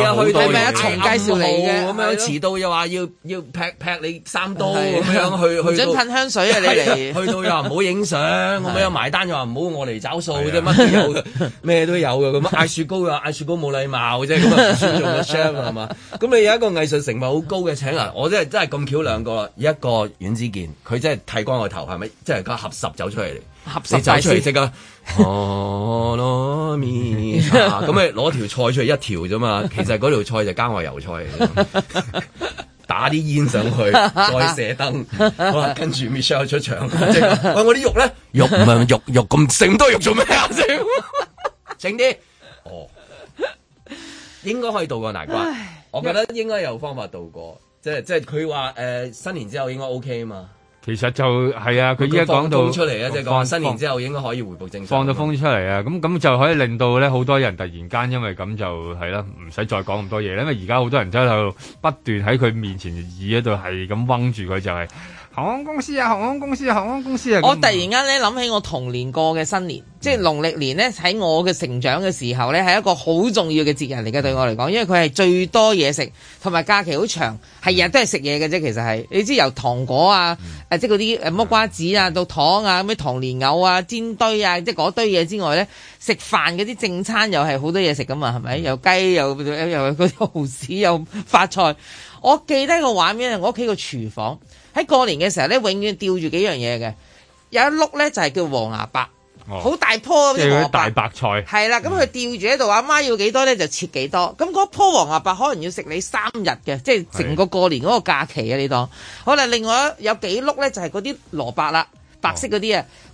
啊！去到咩一重介紹你咁樣，遲到又話要要劈劈你三刀咁樣去去，想噴香水啊你？嚟。去到又話唔好影相，我咁樣埋單又話唔好我嚟找數啫，乜都有嘅，咩都有嘅咁啊！嗌雪糕又嗌雪糕冇禮貌嘅啫，咁啊唔算做嘅 chef 係嘛？咁你有一個藝術成物好高嘅請啊！我真係真係咁巧兩個，一個阮子健，佢真係剃光個頭，係咪？即係家合十走出嚟，合十走出嚟，即係、 啊。哦，攞麵，咁咪攞條菜出嚟一條啫嘛。其實嗰條菜就加我油菜，打啲煙上去，再射燈。哇，跟住 Michelle 出場，喂，我啲肉咧？肉唔係肉，肉咁剩多肉做咩啊？整，整啲。哦，應該可以度過難關。我覺得應該有方法度過。即係即係佢話誒新年之後應該 OK 啊嘛，其實就係、是、啊，佢而家講到出嚟啊，放即係講新年之後應該可以回復正常，放咗風出嚟啊，咁咁就可以令到咧好多人突然間因為咁就係啦，唔使再講咁多嘢，因為而家好多人真係喺度不斷喺佢面前耳一度係咁掹住佢就係、是。航空公司啊，航空公司啊，航空公司啊！司 我突然間咧諗起我童年過嘅新年，mm. 即係農曆年咧喺我嘅成長嘅時候咧，係一個好重要嘅節日嚟嘅。對我嚟講，因為佢係最多嘢食，同埋假期好長，係日日都係食嘢嘅啫。其實係你知由糖果啊，誒，即係嗰啲誒木瓜子啊，到糖啊，咩糖蓮藕啊，煎堆啊，即係嗰堆嘢之外咧，食飯嗰啲正餐又係好多嘢食噶嘛？係咪、mm.？又雞又又嗰啲蚝豉又發菜，我記得個畫面係我屋企個廚房。喺過年嘅時候咧，永遠吊住幾樣嘢嘅，有一碌咧就係、是、叫黃牙白，好、哦、大棵咁嘅黃白，即係啲大白菜。係啦，咁佢吊住喺度，阿媽要幾多咧就切幾多，咁嗰棵黃牙白可能要食你三日嘅，即係成個過年嗰個假期啊！你當，是的，好，另外有幾碌咧就係嗰啲蘿卜啦，白色嗰啲啊。哦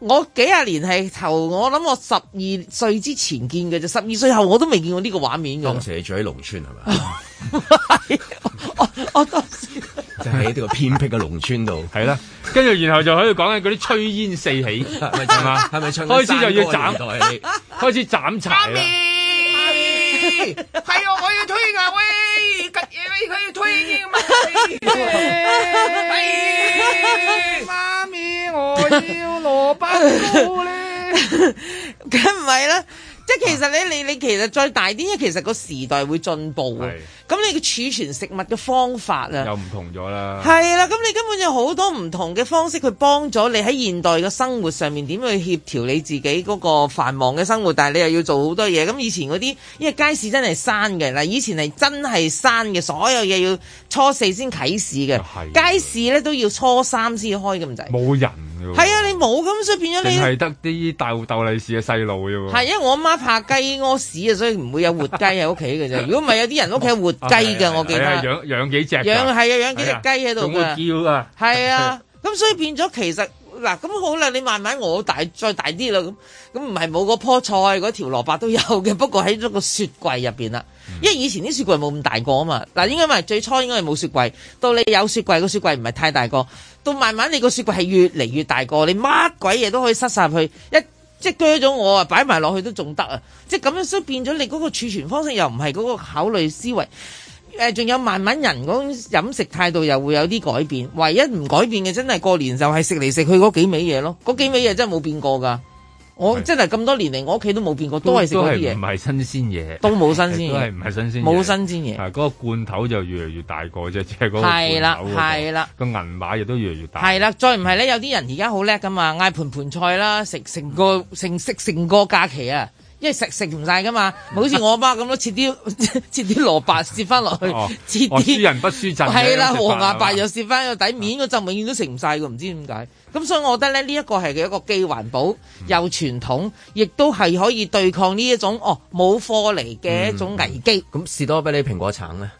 我幾廿年係頭，我諗我十二歲之前見嘅就，十二歲後我都未見過呢個畫面。當時你住喺農村係咪？是是 我我當時就喺呢個偏僻嘅農村度。係啦 跟住然後就可以講緊嗰啲炊煙四起，係嘛？ 係咪？開始就要斬， 開始斬柴。係啊，我要推啊喂，佢佢佢推媽咪，咪，我要蘿蔔糕咧，梗唔係啦，即係其實咧，你你你其實再大啲，其實個時代會進步。咁你嘅儲存食物嘅方法呢，又唔同咗啦，係啦，咁你根本有好多唔同嘅方式，去幫咗你喺現代嘅生活上面點去協調你自己嗰個繁忙嘅生活，但係你又要做好多嘢。咁以前嗰啲，因為街市真係閂嘅嗱，以前係真係閂嘅，所有嘢要初四先啟市嘅，啊、街市咧都要初三先開咁滯，冇人㗎喎，係啊，你冇咁所以變咗，你係得啲大鬥利是嘅細路㗎喎，係因為我媽媽怕雞屙屎啊，所以唔會有活雞喺屋企嘅啫。如果唔係有啲人屋企 雞嘅，我記得。養養、啊啊啊啊、幾隻，養係啊，養幾隻雞喺度叫啊。係啊，咁、啊、 所以變咗其實嗱，咁好啦，你慢慢我大再大啲啦，咁咁唔係冇個棵菜嗰條蘿蔔都有嘅，不過喺咗個雪櫃入邊啦。因為以前啲雪櫃冇咁大個啊嘛，嗱，應該咪最初應該係冇雪櫃，到你有雪櫃個雪櫃唔係太大個，到慢慢你個雪櫃係越嚟越大個，你乜鬼嘢都可以塞晒入去一。即係鋸咗我啊，擺埋落去都仲得啊！即係咁樣，所以變咗你嗰個儲存方式又唔係嗰個考慮思維。誒、呃，仲有慢慢人嗰種飲食態度又會有啲改變。唯一唔改變嘅真係過年就係食嚟食去嗰幾味嘢咯。嗰幾味嘢真係冇變過㗎。我即係咁多年嚟，我屋企都冇見過，都係食嗰啲嘢，都係唔係新鮮嘢，都冇新鮮，都係唔係新鮮，冇新鮮嘢。係嗰、啊嗰個罐頭就越嚟越大，即係、個啫、嗰個，只係嗰個係啦，係啦，個銀碼亦都越嚟越大。係啦，再唔係咧，有啲人而家好叻噶嘛，嗌盤盤菜啦，食成個成食成個假期啊！因為食食唔晒噶嘛，唔好似我阿媽咁咯，切啲切啲蘿蔔，切翻落去，切啲。 哦、我輸人不輸陣。係啦對，黃牙白又切翻個底面佢就，永遠都食唔晒㗎，唔知點解。咁所以我覺得咧，呢、這、一個係佢一個既環保又傳統，亦都係可以對抗呢一種哦冇貨嚟嘅一種危機。咁、嗯、士多啤梨、蘋果橙咧？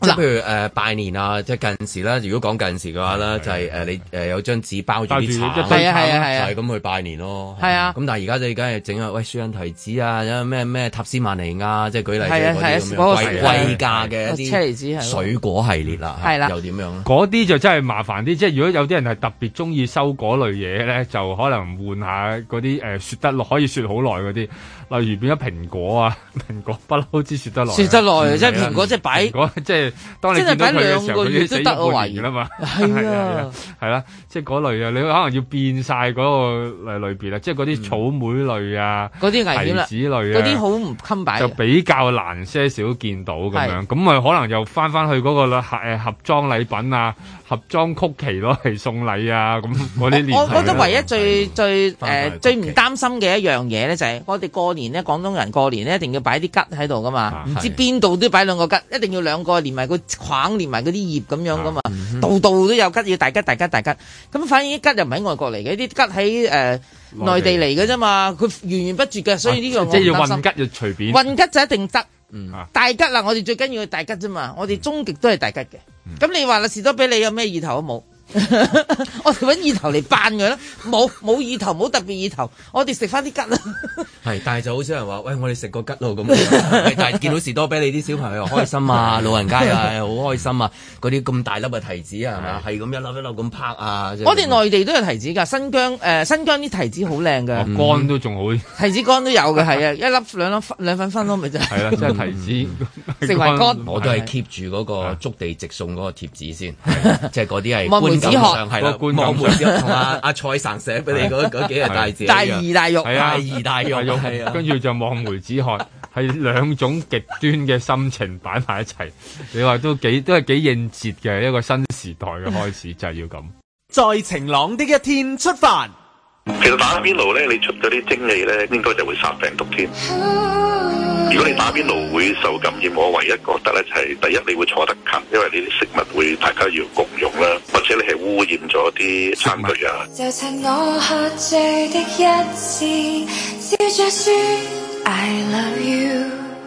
即係譬如誒拜年啊，即係近時啦。如果講近時嘅話啦，就係誒你誒有張紙包住啲茶，係啊係啊係啊，就係咁去拜年咯。係啊。咁但係而家就梗係整下喂雪人提子啊，咩咩塔斯曼尼亞，即係舉例嗰啲咁樣貴價嘅一啲水果系列啦。係啦，又點樣咧？嗰啲就真係麻煩啲。即係如果有啲人係特別中意收嗰類嘢咧，就可能換下嗰啲誒雪得落可以雪好耐嗰啲。例如變咗蘋果啊，蘋果不嬲之説得耐，説得耐，即係蘋果即係擺，即係當你見到佢嘅時候，佢可以半年啦嘛，係啊，係啦，即係嗰類啊，你可能要變晒嗰個類別啦，即係嗰啲草莓類啊，嗰啲危險啦，嗰啲好唔襟擺，就比較難些少見到咁樣，咁咪可能又翻翻去嗰個啦，誒盒裝禮品啊。盒裝曲奇咯，係送禮啊！咁我啲年，我覺得唯一最最誒最唔擔心嘅一樣嘢咧，就係我哋過年咧，廣東人過年咧一定要擺啲桔喺度噶嘛，唔知邊度都擺兩個桔，一定要兩個連埋個框，連埋嗰啲葉咁樣噶嘛，度度都有桔，要大吉大吉大吉。咁反而啲吉又唔喺外國嚟嘅，啲吉喺誒內地嚟嘅啫嘛，佢源源不絕嘅，所以呢個即係要運吉要隨便，運吉就一定得。嗯，大吉啦，我哋最緊要大吉啫嘛，我哋終極都係大吉嘅。咁你話啦，士多啤梨有咩意頭都冇。我哋搵意頭嚟扮佢啦，冇冇意頭，冇特別意頭。我哋食翻啲桔啦。係，但係就好少人話，喂，我哋食個吉咯咁。但係見到士多啤梨啲小朋友開心啊，老人家啊，好開心啊。嗰啲咁大粒嘅提子啊，係嘛，係咁一粒一粒咁拍啊。我哋內地都有提子噶，新疆誒，新疆啲提子好靚嘅。哦，乾都仲好。提子乾都有嘅，係啊，一粒兩粒兩份分咯，咪就係。係啦，即係提子食為乾。我都係 keep 住嗰個足地直送嗰個貼紙先，即係嗰啲係。子害，個觀望梅同啊蔡神寫俾你嗰嗰幾個大字，大義大慾，大義大慾，跟住就望梅止渴，係兩種極端嘅心情擺埋一齊。你話都幾都係幾應節嘅一個新時代嘅開始，就係要咁。在晴朗的一天出發。其實打邊爐咧，你出咗啲精力咧，應該就會殺病毒添。如果你打邊爐會受感染，我唯一覺得咧，就係、是，第一，你會坐得近，因為你啲食物會大家要共用啦，或者你係污染咗啲餐具啊、食物。就趁我喝醉的一次笑着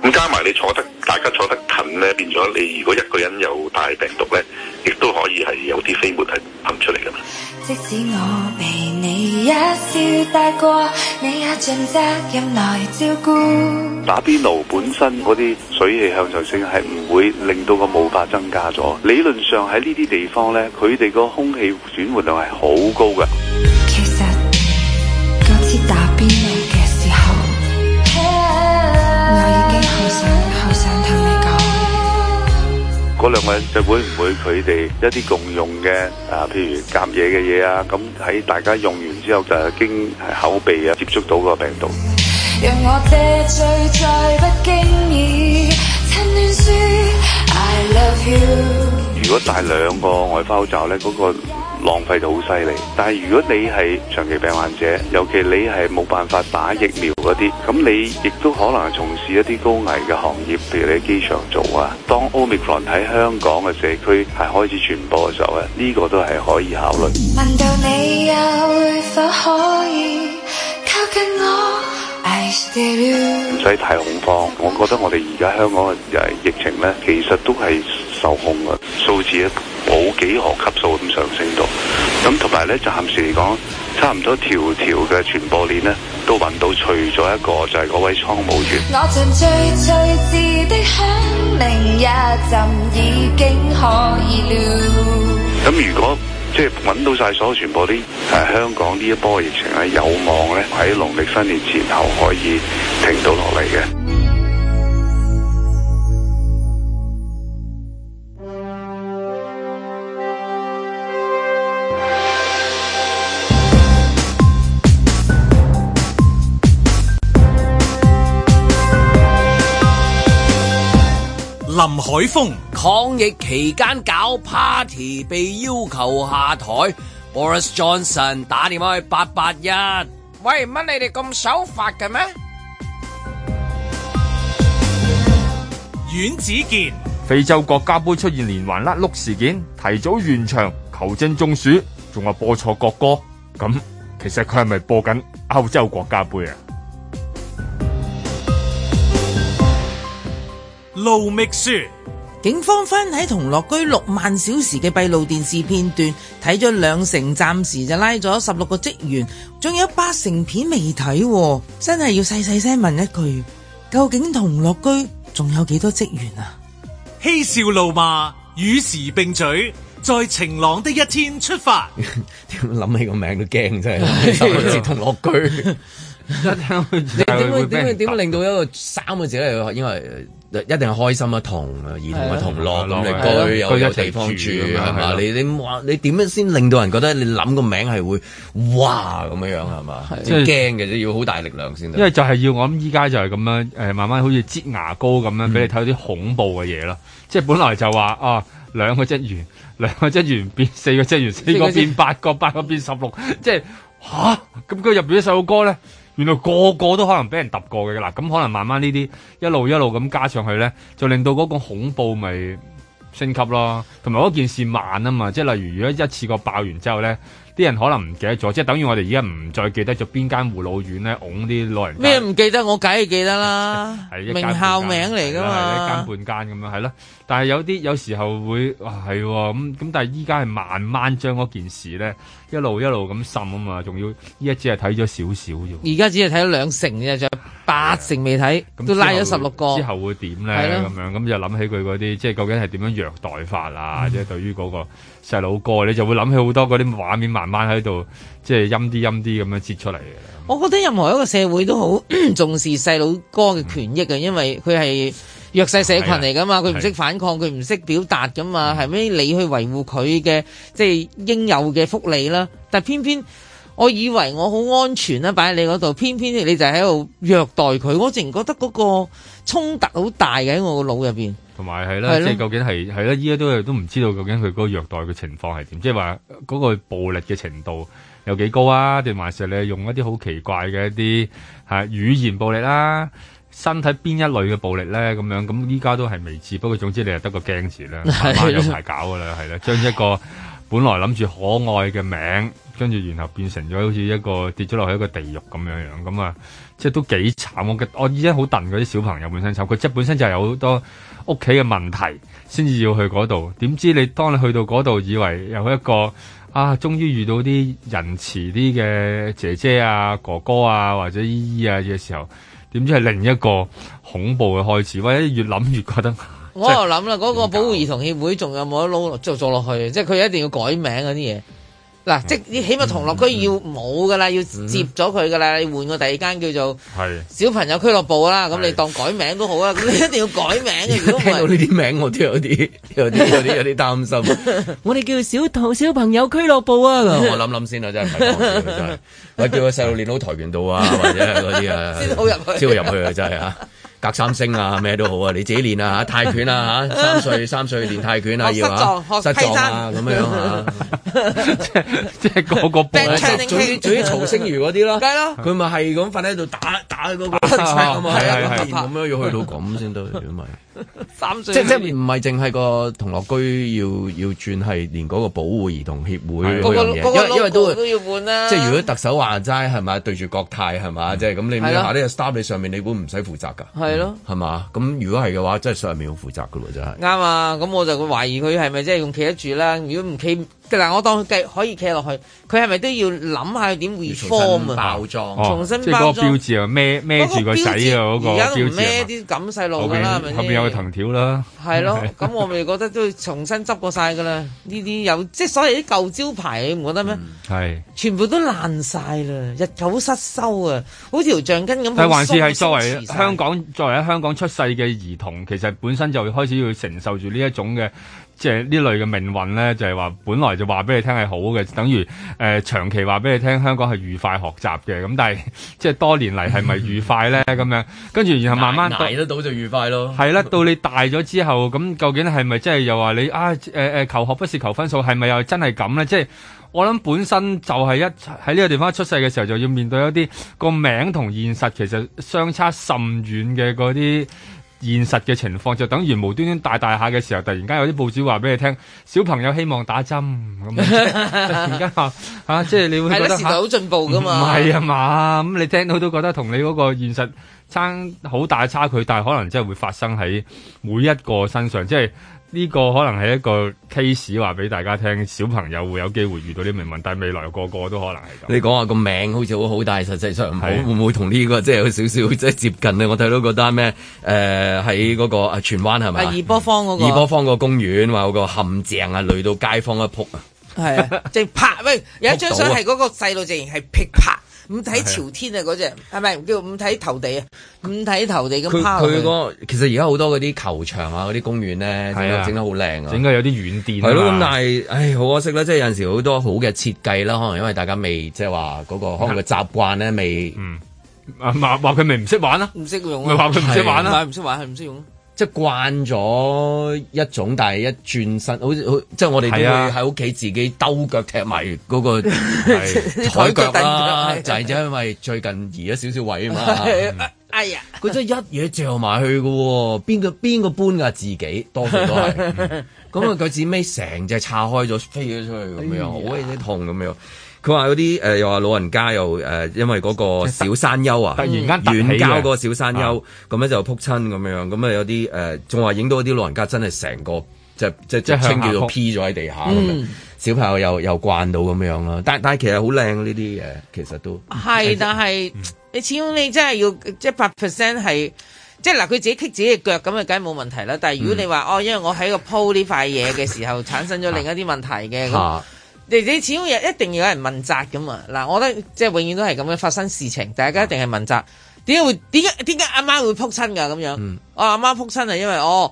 咁加埋你坐得，大家坐得近咧，變咗你如果一個人有大病毒咧，亦都可以係有啲飛沫係噴出嚟㗎嘛。即使我被你一笑帶過，你也盡責任來照顧。嗯、打邊爐本身嗰啲水氣向上升係唔會令到個霧化增加咗。理論上喺呢啲地方咧，佢哋個空氣轉換量係好高嘅。嗰兩位就會唔會佢哋一啲共用嘅啊，譬如夾嘢嘅嘢啊，咁喺大家用完之後就係經口鼻啊接觸到個病毒。如果戴兩個外翻口罩咧，嗰個。浪費到好犀利，但係如果你係長期病患者，尤其你係冇辦法打疫苗嗰啲，咁你亦都可能係從事一啲高危嘅行業，譬如你喺機場做啊。當 Omicron 喺香港嘅社區係開始傳播嘅時候咧，呢個都係可以考慮。唔使太恐慌，我覺得我哋而家香港嘅疫情咧，其實都係。受控啊！數字啊，冇幾何級數咁上升到，咁同埋咧就暫時嚟講，差唔多條條嘅傳播鏈咧都搵到，除咗一個就係、是、嗰位倉務員。我像最隨意的響明一陣已經可以了。咁如果即係搵到晒所有傳播鏈誒，香港呢一波疫情咧，有望咧喺農曆新年前後可以停到落嚟嘅。林海峰抗疫期間搞 party 被要求下台，Boris Johnson 打電話去八八一，喂乜你哋咁守法嘅咩？阮子健非洲國家杯出現連環甩碌事件，提早完場，球證中暑，仲話播錯國歌，咁其實佢係咪播緊歐洲國家杯啊？盧覓雪，警方翻喺同樂居六萬小時嘅閉路電視片段睇咗兩成，暫時就拉咗十六個職員，仲有八成片未睇，真係要細細聲問一句，究竟同樂居仲有幾多職員啊？嬉笑怒罵，與時並舉，在晴朗的一天出發。點諗起個名都驚真係，同樂居。你點樣點點令到一個三個字咧？因為一定係開心啊，同兒童嘅同樂咁嚟，有地方住係嘛？你你話你點樣先令到人覺得你諗個名係會哇咁樣樣，係嘛？即係驚嘅啫，要好大力量先得。因為就係要我諗，依家就係咁樣誒，慢慢好似擠牙膏咁樣，俾你睇啲恐怖嘅嘢咯。即係本來就話啊，兩個職員，兩個職員變四個職員，四個變八個，八個變十六。即係吓咁佢入邊一首歌咧。原來個個都可能俾人揼過嘅，嗱咁可能慢慢呢啲一路一路咁加上去咧，就令到嗰個恐怖咪升級咯。同埋嗰件事慢啊嘛，即係例如如果一次過爆完之後咧，啲人可能唔記得咗，即係等於我哋而家唔再記得咗邊間護老院咧，㧬啲老人。咩唔記得？我梗係記得啦，係 名校名嚟噶嘛， 一間半間咁樣係咯。但係有啲有時候會係咁咁，但係依家係慢慢將件事咧。一路一路咁滲啊嘛，仲要依家只係睇咗少少啫，而家只係睇咗兩成啫，仲有八成未睇，的都拉咗十六個之後會點咧？咁樣咁的就諗起佢嗰啲，即係究竟係點樣虐待法啊？即係 對於嗰個細佬哥，你就會諗起好多嗰啲畫面，慢慢喺度即係陰啲陰啲咁樣切出嚟。我覺得任何一個社會都好 重視細佬哥嘅權益嘅，因為佢係。弱勢社群嚟噶嘛，佢唔識反抗，佢唔識表達噶嘛，係咪你去維護佢嘅即係應有嘅福利啦？但偏偏我以為我好安全咧，擺喺你嗰度，偏偏你就喺度虐待佢，我淨覺得嗰個衝突好大嘅喺我個腦入邊。同埋係啦，即係究竟係係啦，依家都都唔知道究竟佢嗰個虐待嘅情況係點，即係話嗰個暴力嘅程度有幾高啊？定還是你用一啲好奇怪嘅一啲嚇語言暴力啦？身體邊一類嘅暴力咧，咁樣咁依家都係未知。不過總之你係得個驚字啦，有排 搞㗎啦，係啦。將一個本來諗住可愛嘅名，跟住然後變成咗好似一個跌咗落去一個地獄咁樣樣，咁啊，即係都幾慘。我嘅我已經好憤嗰啲小朋友本身就佢即係本身就係有好多屋企嘅問題，先至要去嗰度。點知你當你去到嗰度，以為有一個啊，終於遇到啲仁慈啲嘅姐姐啊、哥哥啊或者姨姨啊嘅時候。點知係另一個恐怖嘅開始，或者越諗越覺得，我又諗啦，嗰個保護兒童協會仲有冇得撈落，做做落去？即係佢一定要改名嗰啲嘢。嗱，即你起碼同樂區要冇㗎啦，要接咗佢㗎啦，你換個第二間叫做小朋友俱樂部啦，咁你當改名都好啊，咁你一定要改名啊！如果聽到呢啲名，我都有啲有啲有啲有啲擔心。我哋叫小童小朋友俱樂部啊，我諗諗先啊，真係我叫個細路練好跆拳道啊，或者嗰啲啊，先好入去，先好入去啊，真係嚇！隔三星啊，咩都好啊，你自己練啊嚇，泰拳啊嚇，三歲三歲練泰拳啊要嚇，失撞啊咁樣嚇，即係嗰個波，做啲做啲曹星如嗰啲咯，梗係啦，佢咪係咁瞓喺度打打嗰個，係啊，係、呃就是、啊，係、嗯、啊，咁樣、啊、要去到咁先得，點解？ 三歲，即即唔係淨係個童樂居要要轉，係連嗰個保護兒童協會的嗰樣為嘢，因因為都，都要換，啊、即係如果特首話齋係咪對住國泰係嘛，嗯、即係咁你下啲的 staff 你上面你會唔使負責噶，係咯的，係嘛、嗯，咁如果係嘅話，即係上面要負責噶喎，真係啱啊，咁我就懷疑佢係咪真係用企得住啦？如果唔企。 嗱，我當佢計可以企落去，佢係咪都要諗下點 reform 啊？重新包裝，即係個標誌啊，孭孭住個仔啊嗰個標誌，而家唔孭啲咁細路㗎啦，後面有個藤條啦。係咯，咁我咪覺得都要重新執過晒㗎啦。呢啲有即係所謂啲舊招牌，你唔覺得咩？係，全部都爛晒啦，日久失修啊，好似條橡筋咁。但係還是係作為香港，作為喺香港出世嘅兒童，其實本身就開始要承受住呢一種嘅。即係呢類嘅命運呢，就係、是、話本來就話俾你聽係好嘅，等於誒、呃、長期話俾你聽香港係愉快學習嘅。咁但係即係多年嚟係咪愉快呢？咁 樣跟住然後慢慢大得到就愉快咯。係啦， 到你大咗之後，咁究竟係咪即係又話你啊？誒、呃、誒，求學不是求分數，係咪又真係咁呢？即係我諗本身就係一喺呢個地方出世嘅時候就要面對一啲個名同現實其實相差甚遠嘅嗰啲。現實嘅情況就等於無端端大大下嘅時候，突然間有啲報紙話俾你聽，小朋友希望打針咁， 突然間嚇嚇，即係你會覺得係時代好進步㗎嘛。唔係啊嘛，咁你聽到都覺得同你嗰個現實差好大差距，但係可能真係會發生喺每一個身上，即係。呢個可能係一個 case，話俾大家聽，小朋友會有機會遇到啲命運，但係未來個個都可能係咁。你講話是個名好似好好，但係實際上唔係，會唔會同呢個即係有少少即係接近呢？我睇到、呃嗰個單咩？誒喺嗰個啊荃灣係咪？二波坊嗰、那個。二波坊個公園話嗰個陷阱啊，累到街坊一撲啊！係、就、啊、是， 就拍喂，有一張相係嗰個細路，竟然係劈拍。五體朝天啊，嗰隻係咪叫五體投地啊？五體，五體投地咁拋落去。佢佢個其實而家好多嗰啲球場啊，嗰啲公園咧，係啊整得好靚啊。整得、啊、有啲軟墊。係咯、啊，咁但係，唉，好可惜啦、啊。即係有陣時好多好嘅設計啦，可能因為大家未即係話嗰個可能個習慣咧未，嗯、啊話佢未唔識玩啊，唔識用啊，話佢唔識玩啊，唔識是玩係唔識用、啊。即係慣咗一種，但係一轉身，好似好即係我哋都喺屋企自己兜腳踢埋嗰個台腳啦， 啊、就係因為最近移咗少少位啊嘛。 哎呀，佢真係一嘢嚼埋去嘅喎、哦，邊個邊個搬噶、啊、自己多數都係。咁啊、 嗯，佢至尾成隻叉開咗飛咗出去咁樣， 哎、呀好鬼死痛咁樣。佢話有啲誒，又話老人家又誒，因為嗰個小山丘啊，突然間突起嗰個小山丘咁咧就撲親咁樣，咁啊有啲誒，仲話影到啲老人家真係成個即係即係叫做 P 咗喺地下咁樣，小朋友又又慣到咁樣啦。但但係其實好靚呢啲嘢，其實都係，但係你始終你真係要即係八 percent 係，即係嗱佢自己 kick 自己嘅腳咁啊，梗係冇問題啦。但係如果你話哦，因為我喺個鋪呢塊嘢嘅時候產生咗另一啲問題嘅你你始終一定要有人問責咁啊！嗱，我覺得即係永遠都係咁樣發生事情，大家一定係問責。點解會點解點解阿媽會撲親㗎咁樣？嗯、啊，阿媽，媽撲親係因為哦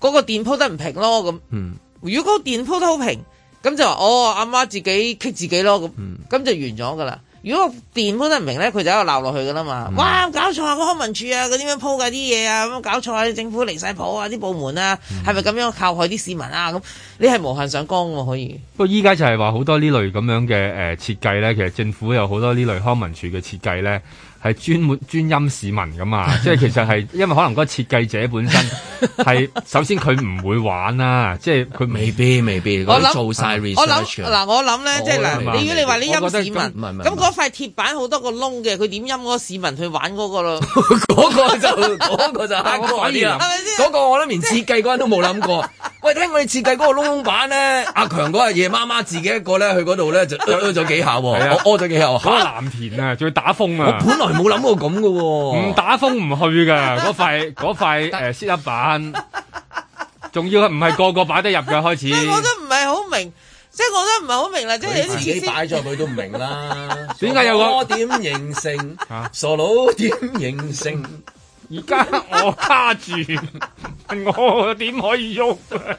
嗰、個墊鋪得唔平咯咁。嗯、如果墊鋪得好平，咁就話哦阿媽，媽自己棘自己咯咁，咁、嗯、就完咗㗎啦。如果電得唔明咧，佢就喺度鬧落去噶啦嘛！哇，搞錯下個康文署啊，佢點樣鋪架啲嘢啊，咁搞錯啊，政府離晒譜啊，啲部門啊，係咪咁樣靠害啲市民啊？咁你係無限上綱喎，可以。不過依家就係話好多呢類咁樣嘅誒設計咧，其實政府有好多呢類康文署嘅設計咧。係專門專音市民㗎嘛？即係其實係因為可能嗰個設計者本身係首先佢唔會玩啦，即係佢未必未必做晒 research 嘅。我諗，我諗嗱，我諗咧，即係嗱，如果你話啲音市民，咁嗰塊鐵板好多個窿嘅，佢點音嗰個市民去玩嗰個咯？嗰個就嗰個就可以啦，係咪嗰個我諗連設計嗰個都冇諗過。喂，聽我哋設計嗰個窿窿板咧，阿強嗰日夜媽媽自己一個咧去嗰度咧就屙咗幾下，我屙咗幾下，嗰個藍田啊，仲要打風啊，本來。冇諗過咁噶喎，唔打風唔去噶，嗰塊嗰塊誒塞一板，仲要係唔係個個擺得入嘅開始。我都唔係好明，即係我都唔係好明啦。即係你自己擺咗佢都唔明啦。點解有個我點認性？傻佬點認性？而家我卡住， 我點可以郁、啊？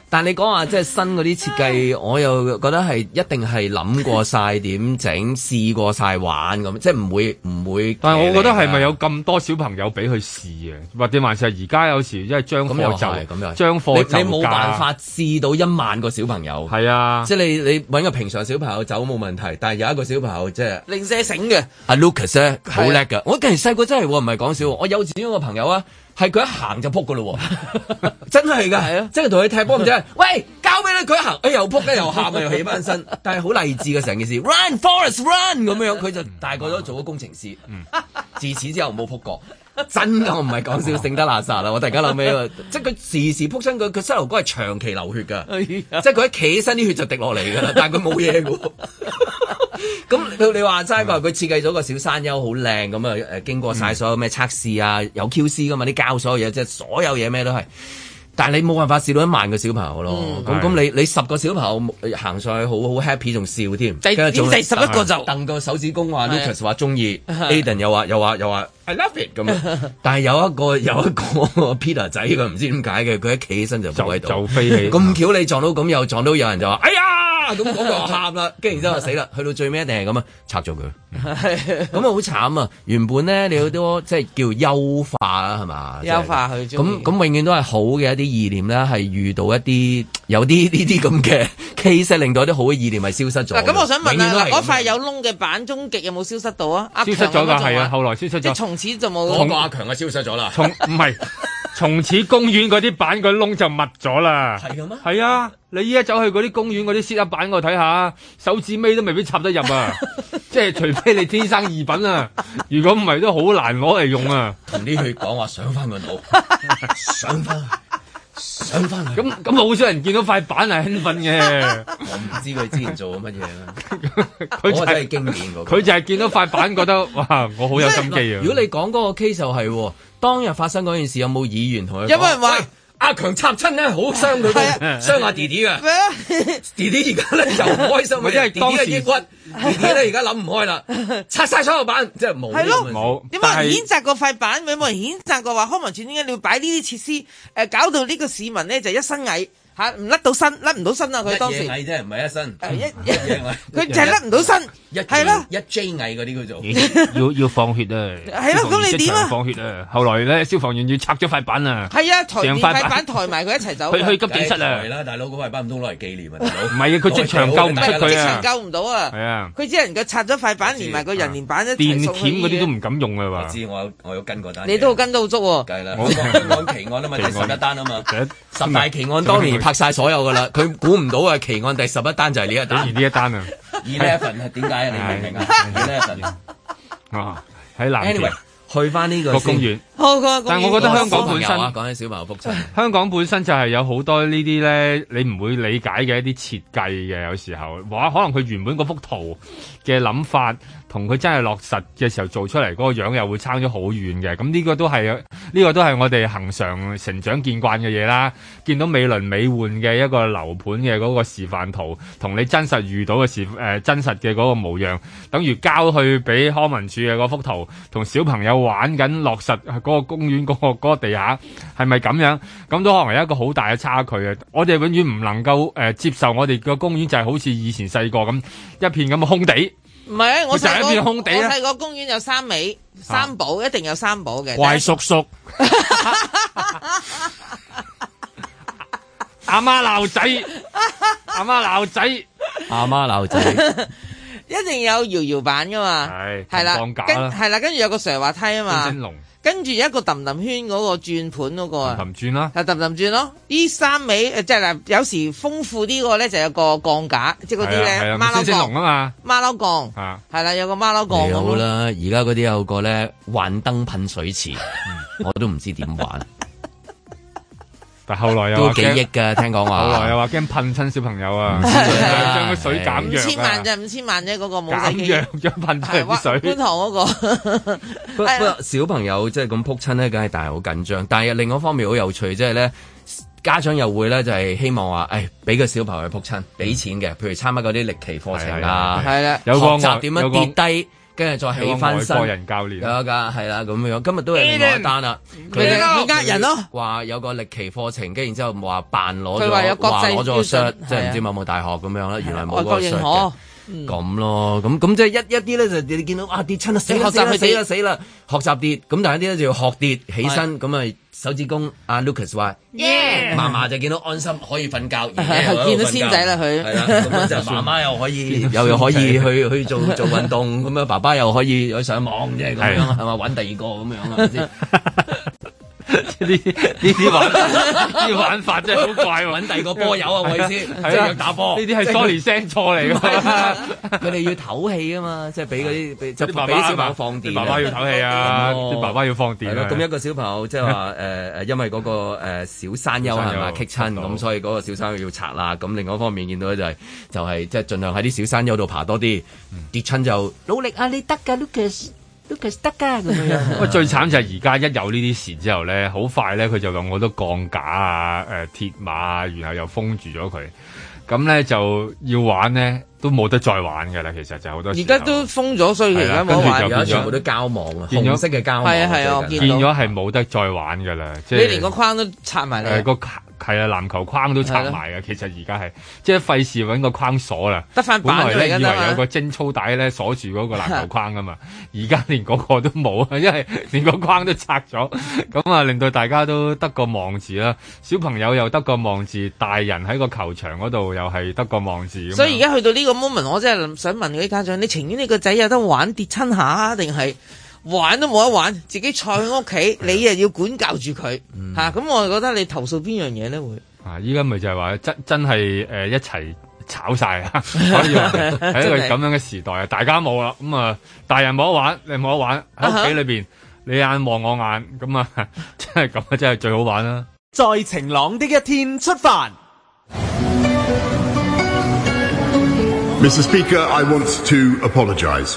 但你講話即係新嗰啲設計，我又覺得係一定係諗過晒點整，試過晒玩咁，即係唔會唔會。會，但係我覺得係咪有咁多小朋友俾佢試啊？或者話？即係而家有時即係將貨就價咁樣，將貨你冇價辦法試到一萬個小朋友。係啊，即係你你揾個平常小朋友走冇問題，但係有一個小朋友即係零舍醒嘅阿、啊、Lucas 咧、啊，好叻㗎！我記得細個真係唔係講笑，我幼稚園嗰個朋友。係佢一行就仆噶咯喎， 真係噶，即係同佢踢波唔咁啫。喂，交俾你佢一行，佢又仆得又喊，又起翻身，但係好勵志噶成件事。 Run Forrest Run 咁樣，佢就大個咗做咗工程師、 嗯。自此之後冇仆過。真噶，唔係講笑，剩得垃圾啦！我突然間諗起，即係佢時時扑親，佢佢膝頭哥係長期流血噶， 即係佢一企起身啲血就滴落嚟噶啦，但係佢冇嘢嘅。咁 你話齋話佢設計咗個小山丘，好靚咁啊！誒，經過晒所有咩測試啊，嗯、有 QC 噶嘛？啲膠所有嘢，即係所有嘢咩都係。但係你冇辦法試到一萬個小朋友咯，咁咁你你十個小朋友行上去好好 happy，仲笑添，第第十一個就戙個但但手指公話是，Lucas 話中意，Aden 又話又話又話 I love it 咁樣， 但係有一個有一個 Peter 仔佢唔知點解嘅，佢一企起身就就喺度，就飛起，咁巧你撞到咁又撞到有人就話哎呀！咁嗰個插啦，跟住然之後死啦，去到最尾一定係咁啊，拆咗佢。咁啊好慘啊！原本咧你好多即係叫優化係嘛？優化佢。咁咁永遠都係好嘅，一啲意念咧，係遇到一啲有啲呢啲咁嘅 case，令到一啲好嘅意念咪消失咗。嗱，咁我想問啊，嗰塊有窿嘅板中極有冇消失到啊？消失咗噶？係啊，後來消失咗。即係從此就冇個阿強啊，消失咗啦。從唔係。從此公園嗰啲板個窿就密咗啦，係咁咩？係啊，你依家走去嗰啲公園嗰啲 set 板我睇下，手指尾都未必插得入啊！ 即係除非你天生異品啊，如果唔係都好難攞嚟用啊。同你去講話上翻個腦，上翻，上翻。咁咁好少人見到塊板係興奮嘅。 我唔知佢之前做咗乜嘢啦， 就是、我睇係經典。佢就係見到塊板覺得哇，我好有心機啊！如果你講嗰個 case 就係、是。當日發生嗰件事有冇議員同佢講？有冇人話阿強插親咧？好傷佢， 傷下弟弟嘅。咩啊弟弟而家咧又開心，或者 Didi 係英軍弟弟而家諗唔開啦， 拆晒所有板，即係冇冇。點解譴責個塊板？沒沒有冇人譴責過話？康文署點解你要擺呢啲設施，誒搞到呢個市民咧就一身蟻。嚇唔甩到身，甩唔到身啊！佢當時，一隻蟻真係唔係一身，一佢就係甩唔到身，係咯，一隻蟻嗰啲叫做，要要放血啊！係咯，咁你點啊？放血啊！後來咧，消防員要拆咗塊板啊！係啊，抬塊板抬埋佢一齊走，去去急症室啊！大佬嗰塊板唔通攞嚟紀念啊？大佬！唔係啊，佢即場救唔出隊啊！救唔到啊！係啊，佢只能夠拆咗塊板，連埋個人連板一電鉗嗰啲都唔敢用啦喎！知我有我有跟過單，你都跟得好足喎！係啦，香港奇案啊嘛，第十一單啊嘛，十大奇案當年。拍晒所有噶啦，佢估唔到啊！奇案第十一單就係呢一單，完呢一單啊！Eleven 係點解啊？你明唔明啊？Eleven 啊，喺南去翻呢個公園。但我覺得香港本身，講起小朋友複雜，香港本身就係有好多呢啲咧，你唔會理解嘅一啲設計嘅，有時候，話可能佢原本幅圖嘅諗法，同佢真係落實嘅時候做出嚟，嗰個樣又會差咗好遠嘅。咁呢個都係，呢、呢個都係我哋恆常成長見慣嘅嘢啦。見到美輪美奐嘅一個樓盤嘅個示範圖，同你真實遇到嘅時，誒、呃、真實嘅個模樣，等於交去俾康文署嘅幅圖，同小朋友玩緊落實，嗰個公園嗰個嗰個地下係咪咁樣？咁都可能有一個好大嘅差距呀。我哋永遠唔能夠誒接受我哋個公園就係好似以前細個咁一片咁嘅空地。唔係啊，我細個，我細個公園有三尾、三寶，一定有三寶嘅。怪叔叔，阿媽鬧仔，阿媽鬧仔，阿媽鬧仔，一定有搖搖板噶嘛。係，係啦，跟係啦，跟住有個斜滑梯啊嘛。升龍。跟住一個氹氹圈嗰、嗰個轉盤嗰個啊，氹轉咯，係氹氹轉咯。呢三味，誒，即係嗱，有時豐富啲個咧，就有個鋼架，啊、即係嗰啲咧馬騮鋼啊，啊馬騮馬騮嘛，馬騮鋼，係啦、啊啊，有個馬騮鋼好啦，而家嗰啲有個咧幻燈噴水池， 我都唔知點玩。 但後來又都幾億噶， 聽講話。後來又話驚噴親小朋友啊，將個 水減弱，啊。千萬啫，五千萬啫，嗰、那個冇計弱，一噴親啲水。觀塘嗰個，小朋友即係咁撲親呢，梗係大係好緊張。但係另一方面好有趣，即係咧家長又會咧就係、是、希望話，誒俾個小朋友去撲親，俾錢嘅，譬如參加嗰啲歷奇課程啊，係啦，的學習點樣跌低。的跟住再起翻個人教練，有噶係啦咁樣。今日都係另外一單啦、啊，佢呃人咯，話有個歷奇課程，跟然之後話扮攞咗，話攞咗個 cert，、嗯、即係唔知某某大學咁樣啦，原來冇個 cert。咁咯，咁咁即係一一啲咧就你見到哇跌親啦，死啦死啦死啦，學習跌，咁但係一啲咧就要學跌起身，咁啊手指公阿 Lucas 話，媽媽就見到安心可以瞓覺，見到先仔啦佢，咁啊就媽媽又可以又又可以去去做做運動，咁樣爸爸又可以去上網即係，咁樣係嘛揾第二個咁樣係咪先？呢啲呢啲玩啲玩法真係好怪喎，揾第二個波友啊！我意思，即係打波。呢啲係 sorry 聲錯嚟㗎，佢哋要唞氣啊嘛，即係俾嗰啲俾即係俾小朋友放電。爸爸要唞氣啊，啲爸爸要放電。係啦，咁一個小朋友即係話誒誒，因為嗰個誒小山丘係嘛棘親，咁所以嗰個小山丘要拆啦。咁另外一方面見到咧就係就係即係盡量喺啲小山丘度爬多啲，跌親就努力啊！你得㗎，Lucas。都其 c 得噶咁樣，喂最慘就係而家一有呢啲事之後咧，好快咧佢就用好多降架啊，誒、呃、鐵馬啊，然後又封住咗佢，咁咧就要玩咧都冇得再玩嘅啦。其實就好多而家都封咗，所以而家冇玩啊，變變全部都膠網啊，咗成色嘅交網係啊係啊，我見咗係冇得再玩噶啦，即係你連個框都拆埋嚟。呃個係啊，籃球框都拆埋嘅，其實而家係即係費事揾個框鎖啦，得塊板本來咧以為有個貞操帶咧鎖住嗰個籃球框噶嘛，而家 連嗰個都冇啊，因為連個框都拆咗，咁 啊令到大家都得個望字啦，小朋友又得個望字，大人喺個球場嗰度又係得個望字。所以而家去到呢個 moment，我真係想問嗰啲家長，你情願你個仔有得玩跌親下定係？玩都冇得玩，自己坐喺屋企，你又要管教住佢，吓咁、嗯啊、我就覺得你投訴邊樣嘢咧會啊？依家咪就係話真真係誒一齊炒晒啊！喺一個咁樣嘅時代啊，大家冇啦，咁、嗯、啊大人冇得玩，你冇得玩喺屋企裏邊，uh huh. 你眼望我眼，咁啊真係咁啊真係最好玩啦！在晴 朗啲一,一天出發。Mr. Speaker, I want to apologise.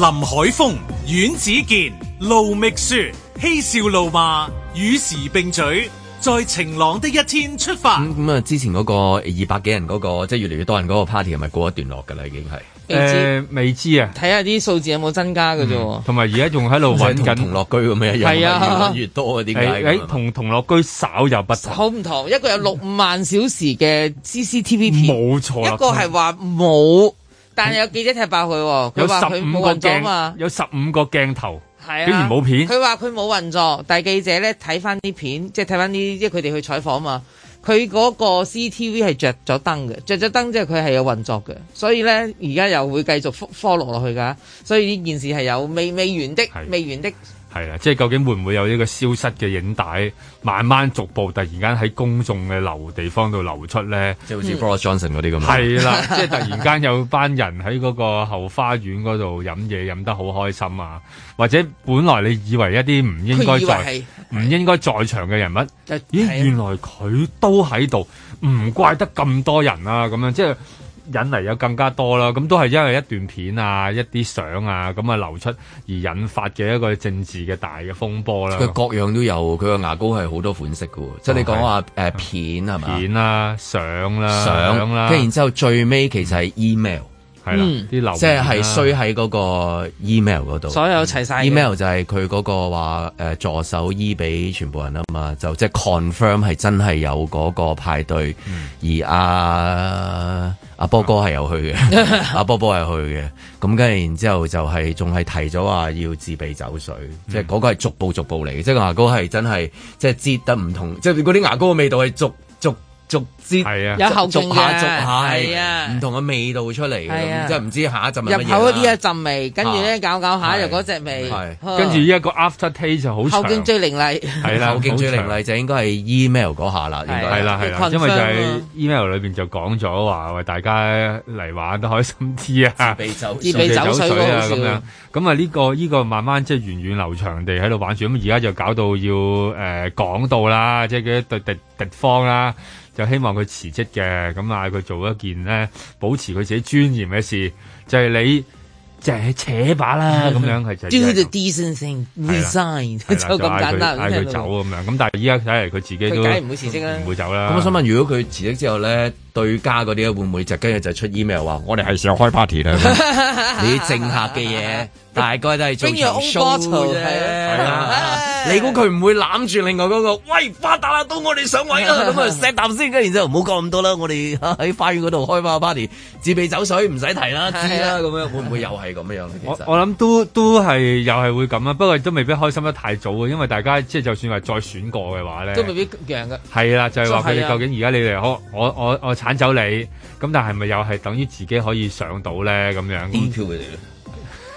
林海峰、阮子健、盧覓雪、嬉笑怒罵與時並舉，在晴朗的一天出發。咁啊、嗯嗯嗯，之前嗰個二百幾人嗰、那個，即係越嚟越多人嗰個 party 係咪過一段落噶啦？已經係誒，未知，未知啊，睇下啲數字有冇增加噶啫。嗯在在嗯、同埋而家仲喺度搵緊同樂居咁嘅樣，係啊，越搵越多啊，點解？哎哎，同同樂居稍有不同，好唔同，一個有六萬小時嘅 CCTV 片，冇錯，一個係話冇。但係有記者踢爆佢、哦，佢話佢冇運作嘛，有十五個鏡頭，啊、竟然冇片。佢話佢冇運作，但係記者咧睇翻啲片，即係睇翻啲，即係佢哋去採訪啊嘛。佢嗰個 CTV 係着咗燈嘅，着咗燈即係佢係有運作嘅，所以咧而家又會繼續 follow 落去㗎。所以呢件事係有未未完的未完的。是係啊，即係究竟會唔會有呢個消失嘅影帶，慢慢逐步突然間喺公眾嘅流地方度流出咧、嗯？即係好似 Boris Johnson 嗰啲咁樣係啦，即係突然間有班人喺嗰個後花園嗰度飲嘢，飲得好開心啊！或者本來你以為一啲唔應該在唔應該在場嘅人物，的咦，的原來佢都喺度，唔怪得咁多人啊。咁樣即係。引嚟有更加多啦，咁都係因為一段片啊、一啲相啊，咁啊流出而引發嘅一個政治嘅大嘅風波啦。佢各樣都有，佢個牙膏係好多款式嘅喎，即係你講話誒片係嘛？片啦、片啊、相啦、啊、相啦、跟住、啊、然之後最尾其實係 email。嗯係啦，即係需喺嗰個 email 嗰度，嗯、所有齊晒 email 就係佢嗰個話誒、呃、助手 email 俾全部人啊嘛，就即係、就是、confirm 係真係有嗰個派對，嗯、而阿、啊、阿、啊、波哥係有去嘅，阿、 啊、波波係去嘅，咁跟住然之後就係仲係提咗話要自備酒水，嗯、即係嗰個係逐步逐步嚟嘅，即係牙膏係真係即係擠得唔同，即係嗰啲牙膏嘅味道係逐逐逐。逐逐逐係啊，有後勁下，係啊，唔同嘅味道出嚟，真係唔知下一陣係入口嗰啲一陣味，跟住咧搞搞下又嗰隻味，跟住呢一個 after taste 就好長。後勁最凌厲，係啦，後勁最凌厲就應該係 email 嗰下啦，應該係啦係啦，因為就係 email 裏邊就講咗話，喂，大家嚟玩得開心啲啊，自備酒水啊咁樣。咁啊呢個呢個慢慢即係源遠流長地喺度玩住，咁而家就搞到要誒講到啦，即係嗰啲敵方啦，就希望。佢辭職嘅，咁嗌佢做一件咧，保持佢自己尊嚴嘅事，就係、是、你，就係扯把啦，咁樣係就。Do the decent thing, resign 就咁簡單，嗌佢走咁 okay. 樣。咁但係依家睇嚟佢自己都梗唔會辭職啦、啊，唔會走啦。咁我想問，如果佢辭職之後咧？最佳嗰啲會唔會就跟住就出 email 話我哋係時候開 party 啦？你政客嘅嘢大概都係做 show 啫。你估佢唔會攬住另外嗰個？喂，發達啦，到我哋上位啦！咁啊 set down 先，跟住就唔好講咁多啦。我哋喺花園嗰度開 party，自備酒水唔使提啦，知啦。咁樣會唔會又係咁樣？我我諗都都係又係會咁啦。不過都未必開心得太早啊，因為大家即係就算話再選過嘅話咧，都未必贏嘅。係啦，就係話佢哋究竟而家你哋我我我我。揀走你咁，但係咪又係等於自己可以上到咧？咁樣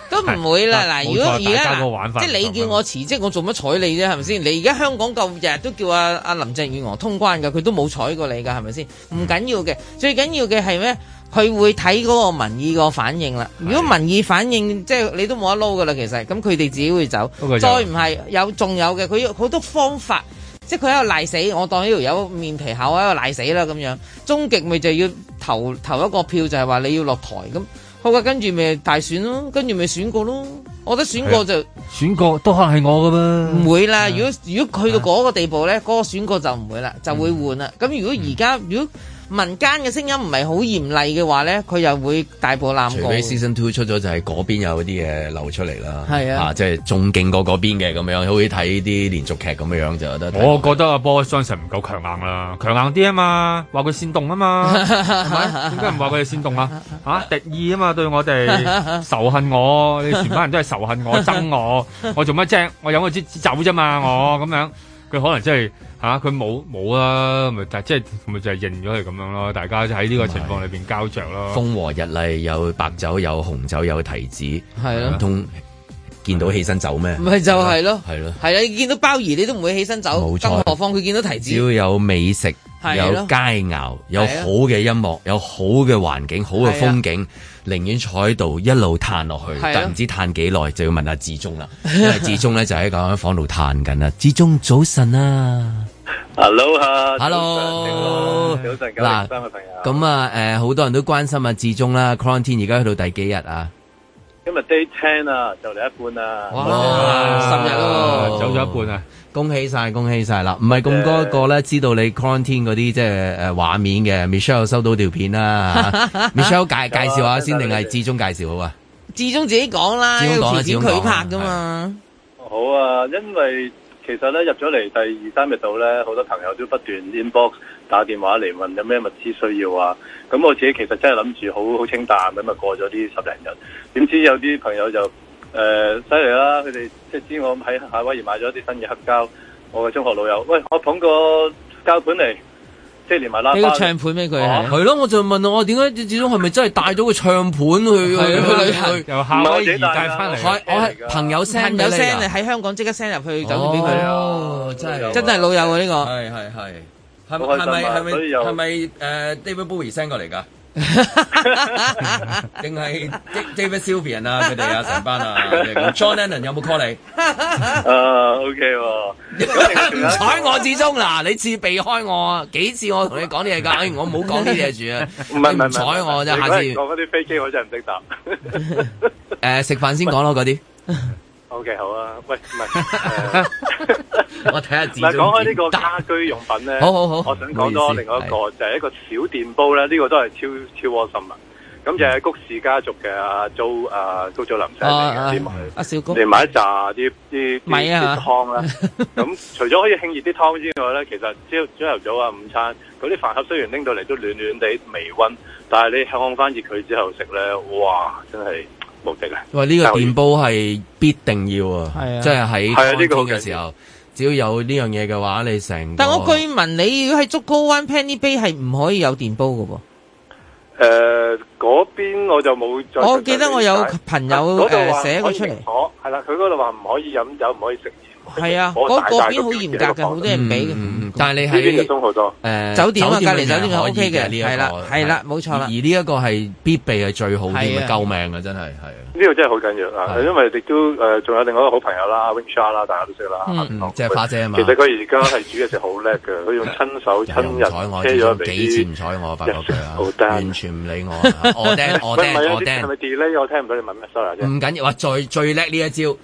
都唔會啦。嗱， 如果而家個玩法，在即係你叫我辭職，我做乜睬你啫？係咪先？ 你而家香港咁日都叫阿阿林鄭月娥通關噶，佢都冇睬過你噶，係咪先？唔緊、嗯、要嘅，最緊要嘅係咩？佢會睇嗰個民意個反應啦。是如果民意反應即係你都冇得撈噶啦，其實咁佢哋自己會走。Okay. 再唔係有仲有嘅，佢好多方法。即係佢喺度賴死，我當呢條友面皮厚喺度賴死啦咁樣，終極咪就要投投一個票，就係、是、話你要落台咁，好嘅，跟住咪大選咯，跟住咪選過咯，我覺得選過就、啊、選過都可能係我噶嘛，唔、嗯、會啦、啊，如果如果去到嗰個地步咧，嗰、那個選過就唔會啦，就會換啦，咁、嗯、如果而家、嗯、如果。民間嘅聲音唔係好嚴厲嘅話咧，佢又會大破浪。除非 Season Two 出咗，就係、是、嗰邊有啲嘢流出嚟啦。係啊，即係仲勁過嗰邊嘅咁樣，好似睇啲連續劇咁樣就得。我覺得啊，波傷勢唔夠強硬啦，強硬啲啊嘛，話佢煽動啊嘛，點解唔話佢煽動啊？嚇敵意啊嘛，對我哋仇恨我，你全班人都係仇恨我，憎我，我做乜啫？我有佢支酒啫嘛，我咁樣。佢可能真係吓，佢冇冇啦，咪即係咪就係、是就是就是、認咗係咁樣咯？大家喺呢個情況裏邊是交着咯，風和日麗，有白酒，有紅酒，有提子，係咯、啊，唔通見到起身走咩？咪就係咯，係咯、啊，係啊，啊！你見到鮑魚，你都唔會起身走，冇錯更何況佢見到提子，只要有美食，有佳餚，有好嘅音樂，有好嘅環境，啊、好嘅風景。寧願坐喺度一路嘆落去，啊、但唔知嘆幾耐就要問阿志忠啦。因為志忠咧就喺間房度嘆緊啦。志忠早晨啊，Hello 啊，Hello，早晨，嗱三位朋友。咁啊，誒好、啊呃、多人都關心阿志忠啦。Quarantine 而家去到第幾日啊？今日 Day Ten 啦，就嚟一半哇啊！哇，十日啦，走咗一半啊！恭喜晒，恭喜晒啦！唔係咁多個咧，知道你 quarantine 嗰啲即係誒畫面嘅 Michelle 收到條片啦，嚇。Michelle 介介紹下先定係志中介紹好啊？志中自己講啦，志中講啦，志中佢拍㗎嘛。好啊，因為其實咧入咗嚟第二三日度咧，好多朋友都不斷 inbox 打電話嚟問有咩物資需要啊。咁我自己其實真係諗住好好清淡咁啊，過咗啲十零日，點知有啲朋友就～誒，犀利啦！佢哋即係知我喺夏威夷買咗一啲新嘅黑膠，我嘅中學老友，喂，我捧個膠盤嚟，即係連埋啦。俾個唱盤俾佢啊！係咯，我就問我點解，始終係咪真係帶咗個唱盤去去去去？夏威夷帶翻嚟。我係朋友 send，有 send 你喺香港即刻 send 入去酒店俾佢咯。真係真真係老友啊！呢個係係係係咪係咪係咪誒？David Bowie send 過嚟噶？定係 David Sylvian 啊，佢哋啊，成班啊 ，John Lennon 有冇 call 你？OK 唔睬我至中嗱，你似避開我啊，幾次我同你講啲嘢噶， 我唔好講啲嘢住啊，唔係唔睬我啫， 下次講嗰啲飛機我真係唔識答。誒、 呃，食飯先講咯，嗰啲。OK 好啊，喂唔係，我睇下唔係講開呢個家居用品咧，好好好，我想講多另外一個就係一個小電煲咧，呢個都係超超窩心啊！咁就喺谷氏家族嘅阿周啊高祖林先生嚟嘅店買，買一扎啲啲米啊湯啦。咁除咗可以慶熱啲湯之外咧，其實朝朝頭早啊午餐，嗰啲飯盒雖然拎到嚟都暖暖地微溫，但係你放翻熱佢之後食咧，哇真係！目的咧，喂，呢個電煲係必定要啊，即係喺開鋪嘅時候，只要有呢樣嘢嘅話，你成。但係我據聞，你如果係竹篙灣 Penny Bay 係唔可以有電煲嘅喎。誒，嗰邊我就冇。我記得我有朋友誒寫咗出嚟，係啦，佢嗰度話唔可以飲酒，唔可以食。係啊，嗰個邊好嚴格嘅，好多人俾。嗯嗯。但係你喺誒酒店啊，隔離酒店係 OK 嘅。係啦，係啦，冇錯啦。而呢一個係必備係最好嘅，救命啊！真係係。呢個真係好緊要啊！因為亦都誒仲有另外一個好朋友啦，Winsha 啦，大家都識啦，即係花姐啊嘛。其實佢而家係煮一隻好叻嘅，佢用親手親人採我，幾次唔睬我，發覺佢啊，完全唔理我。我頂，我頂，我頂。係咪 delay？我聽唔到你問咩？Sorry 啫。唔緊要啊！最最叻呢一招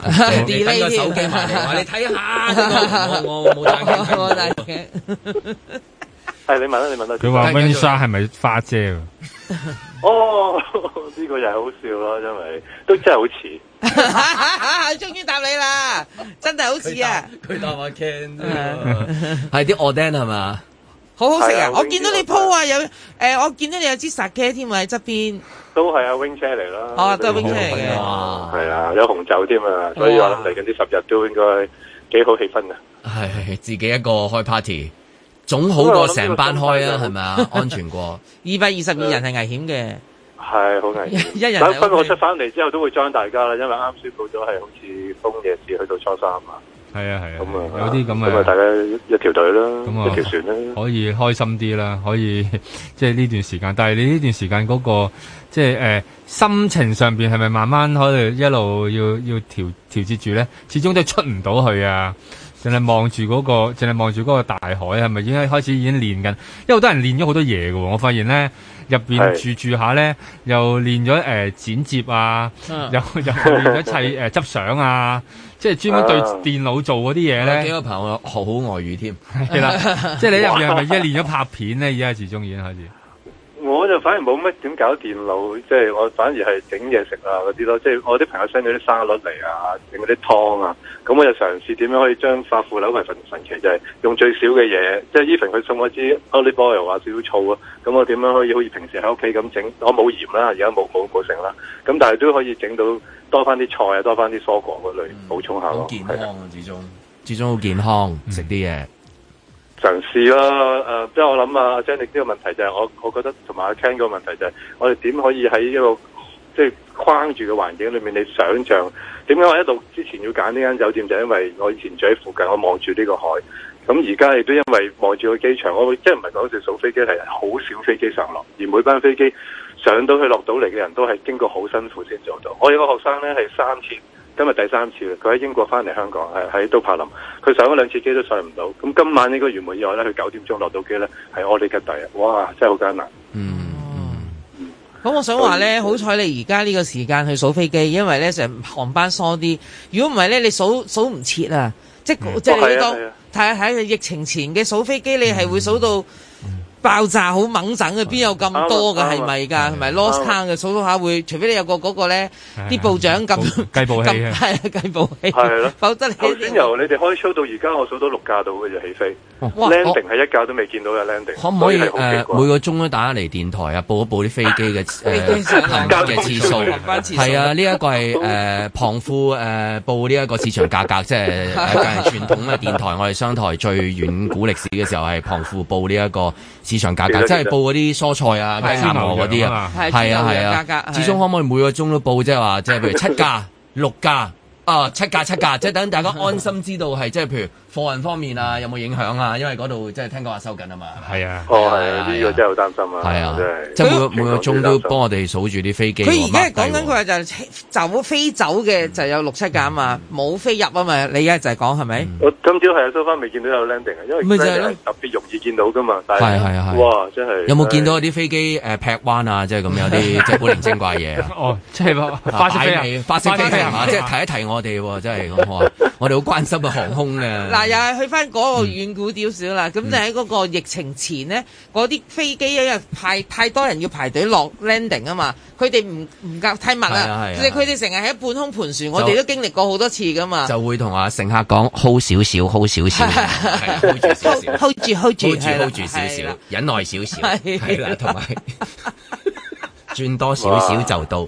，delay 添。睇下，我冇戴眼鏡，我戴眼鏡。係你問啦，你問啦。佢話 Win 莎係咪花姐啊？哦，呢個又係好笑咯，因為都真係好似。哈哈哈！終於答你啦，真係好似啊！佢當我 can 啫，係啲鵝釘係嘛？好好食啊！我見到你鋪啊有誒，我見到你有支殺雞添喎喺側邊，都係阿 Win 車嚟咯。哦，都係 Win 車嚟嘅，係啊，有紅酒添啊，所以我諗嚟緊啲十日都應該。幾好氣氛啊！係係、哎、自己一個開 party，總好過成班開啊，係咪啊？安全過二百二十二人係危險嘅，係好、呃、危險。 一人不過我出翻嚟之後都會 join 大家啦，因為啱宣布咗係好似封嘅事去到初三啊，係啊係啊，咁啊、嗯、有啲咁嘅咁啊大家一條隊啦，一條船啦，可以開心啲啦，可以即係呢段時間，但係你呢段時間嗰、那個。即係誒、呃、心情上邊係咪慢慢可能一路要要調調節住咧？始終都出唔到去啊！淨係望住嗰、嗰個，淨係望住嗰個大海係咪已經開始已經練緊？因為好多人練咗好多嘢嘅喎，我發現咧入邊住住下咧又練咗誒、呃、剪接啊，啊又又練咗一切誒執相啊，即係專門對電腦做嗰啲嘢咧。幾個朋友學好外語添，係啦， 即係你入邊係咪已經練咗拍片咧？而家始終已經開始。我就反而冇乜點搞電腦，即係我反而係整嘢食啊嗰啲咯。即係我啲朋友 send 咗啲沙律嚟啊，整嗰啲湯啊，咁我就嘗試點樣可以將發腐柳係份神奇就係用最少嘅嘢，即係 even 佢送我支 olive oil 啊少少醋啊，咁我點樣可以好似平時喺屋企咁整？我冇鹽啦，而家冇冇冇成啦，咁但係都可以整到多翻啲菜啊，多翻啲蔬果嗰類補充下咯，係啊，健康始終始終好健康食啲嘢。嘗試啦，誒，即係我諗啊，阿 Jenny 呢個問題就係、是、我，我覺得同埋阿 Ken 個問題就係、是，我哋點可以喺一個即係框住嘅環境裏面，你想像點解我一路之前要揀呢間酒店，就是、因為我以前住喺附近，我望住呢個海，咁而家亦都因為望住個機場，我即係唔係講笑，數飛機，係好少飛機上落，而每班飛機上到去落到嚟嘅人都係經過好辛苦先做到。我有個學生咧係三次。今日第三次佢喺英國翻嚟香港，喺喺都柏林，佢上咗兩次機都上唔到。咁今晚呢個月末以外呢，咧，佢九點鐘落到機咧，係我哋嘅第日，哇！真係好艱難。嗯，咁、嗯、我想話咧，好彩你而家呢個時間去數飛機，因為咧成日航班疏啲。如果唔係咧，你數數唔切啊！即即係睇下喺疫情前嘅數飛機，你係會數到。嗯爆炸好猛省嘅，邊有咁多嘅係咪㗎？係咪 lost time 嘅？數數下會，除非你有個嗰個咧，啲部長咁計步器啊，係計步器咯。否則起先由你哋開 show 到而家，我數到六架度嘅就起飛。landing 係一架都未見到嘅 landing。可唔可以誒每個鐘都打嚟電台啊，報一報啲飛機嘅誒行嘅次數？係啊，呢一個係誒旁富誒報呢一個市場價格，即係誒傳統嘅電台。我哋商台最遠古歷史嘅時候係旁富報呢一個市。市場價格，即係報嗰啲蔬菜啊、芝麻螺嗰啲啊，係啊係啊，價格始終可唔可以每個鐘都報？即係話，即係譬如七價、六價啊，七價七價，即係等大家安心知道係，即係譬如。貨運方面啊，有冇影響啊？因為嗰度即係聽講話收緊啊嘛。係啊，哦係，呢個真係好擔心啊。係啊，真係，即係每個每個鐘都幫我哋數住啲飛機。佢而家係講緊佢話就係走飛走嘅就有六七架啊嘛，冇飛入啊嘛。你而家就係講係咪？我今朝係收翻未見到有 landing 啊，因為特別容易見到噶嘛。係係係。哇，真係。有冇見到啲飛機誒劈彎啊？即係咁有啲即係古靈精怪嘢。哦，即係發射飛機，發射即係提一提我哋，真係咁我哋好關心嘅航空咧。嗱，又係去返嗰個遠古屌少啦。咁你喺嗰個疫情前咧，嗰啲飛機一日派太多人要排隊落 landing 啊嘛，佢哋唔唔夠太密啦，佢哋成日喺半空盤旋，我哋都經歷過好多次㗎嘛。就會同啊乘客講 hold 少少，hold 少少，hold 住 hold 住 hold 住，hold 住 hold 住少少，忍耐少少，係啦，同埋轉多少少就到。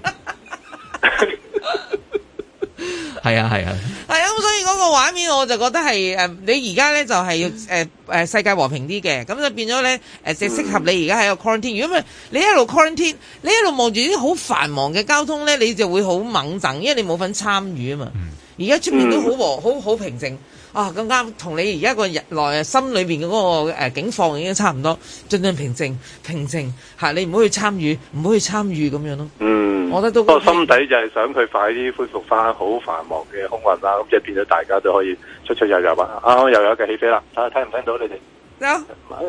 係啊，係啊。係咁、 嗯，所以嗰個畫面我就覺得係誒、呃，你而家咧就係要誒誒世界和平啲嘅，咁就變咗咧誒，即、呃、係適合你而家喺個 quarantine。如果唔係你一路 quarantine，你一路望住啲好繁忙嘅交通咧，你就會好猛掙，因為你冇份參與啊嘛。而家出面都好和，好好平靜。啊咁啱，同你而家個日內心裏邊嘅嗰個誒境況已經差唔多，盡量平靜，平靜嚇你唔好去參與，唔好去參與咁樣咯。嗯，我覺得都個心底就係想佢快啲恢復翻好繁忙嘅空運啦，咁即係變咗大家都可以出出入入啊！啱又有嘅起飛啦，睇下聽唔聽到你哋？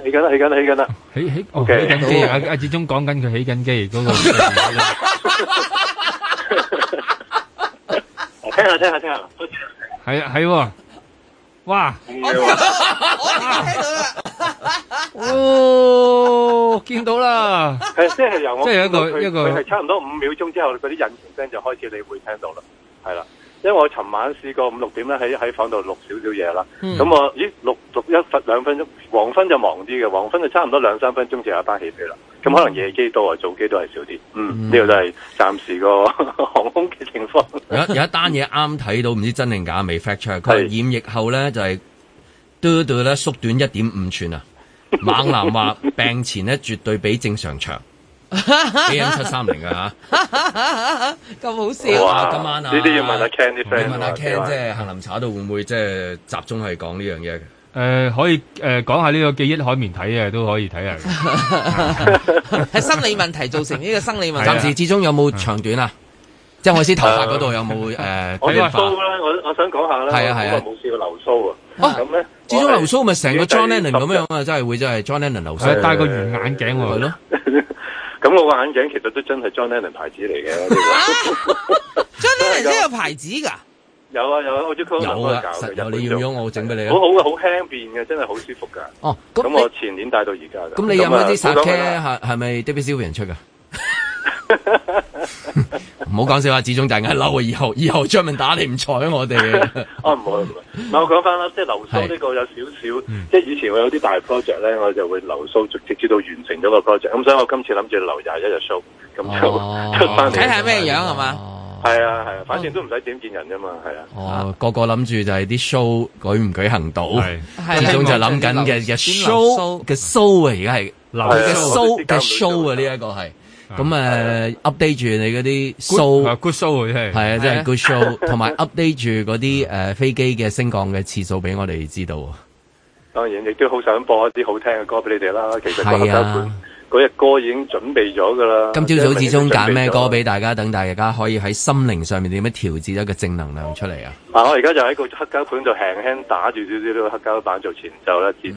起緊啦，起緊啦，起緊啦，起起哦，起緊機啊！阿志忠講緊佢起緊機嗰個，聽下聽下聽下，係係喎。哇！我聽到啦，哦，見到啦，係， 即係由我，即係一個一個，係差唔多五秒鐘之後，嗰啲引擎聲就開始你會聽到啦，係啦。因為我尋晚試過五六點咧喺喺房度錄少少嘢啦，咁、嗯、我咦錄錄一錄兩分兩分鐘，黃昏就忙啲嘅，黃昏就差唔多兩三分鐘就有一班起飛啦。咁、嗯、可能夜機多啊，早機都係少啲。嗯，呢個都係暫時個呵呵航空嘅情況。有有一單嘢啱睇到，唔知真定假，未 fact check 發出來。佢係是染疫後咧就係嘟嘟咧縮短一點五寸啊！猛男話病前咧絕對比正常長。AM730 嘅吓，咁好笑啊！今晚啊，呢啲要問阿 Ken 啲 friend，問阿 Ken 啫。杏林茶度會唔會即係集中去講呢樣嘢嘅？誒，可以誒講下呢個記憶海綿體嘅都可以睇下。喺心理問題造成呢個生理問題。暫時至終有冇長短啊？即係我先頭髮嗰度有冇誒？我哋梳啦，我想講下啦。係啊係啊。冇試過留鬚啊。咁咧，至終留鬚咪成個 John Lennon 咁樣啊，真係會真係 John Lennon 留鬚。戴個圓眼鏡去咯。咁我個眼鏡其實都真係 John Lennon 牌子嚟嘅 ，John Lennon 真有牌子噶，有啊有啊，我知佢戶攞有的教嘅，有日本我整俾你，好好嘅，好輕便嘅，真係好舒服噶。哦，咁我前年戴到而家嘅，咁你有冇啲殺 K 係係咪 DBC 人出噶？ 唔好講笑話，始終大眼嬲啊！以後以後張明打你唔睬我哋。哦唔好，唔好。嗱我講翻啦，即係留 show 呢個有少少，即係以前會有啲大 project 咧，我就會留 show，直直至到完成咗個 project。咁所以我今次諗住留廿一日 show，咁就出翻嚟睇下咩樣係嘛？係啊係，反正都唔使點見人啫嘛，係啊。哦，個個諗住就係啲 show 舉唔舉行到，始終就諗緊嘅嘅 show 嘅 show 啊，而家係留嘅 show 嘅 show 啊，呢一個係。咁誒 update 住你嗰啲 show，係啊，真係 good show，同埋 update 住嗰啲誒飛機嘅升降嘅次數俾我哋知道。當然亦都好想播一啲好聽嘅歌俾你哋啦。其實黑膠盤嗰日歌已經準備咗噶啦。今朝早始終揀咩歌俾大家，等大家可以喺心靈上面點樣調節一個正能量出嚟啊！嗱，我而家就喺個黑膠盤度輕輕打住少少呢個黑膠板做前奏啦，接住。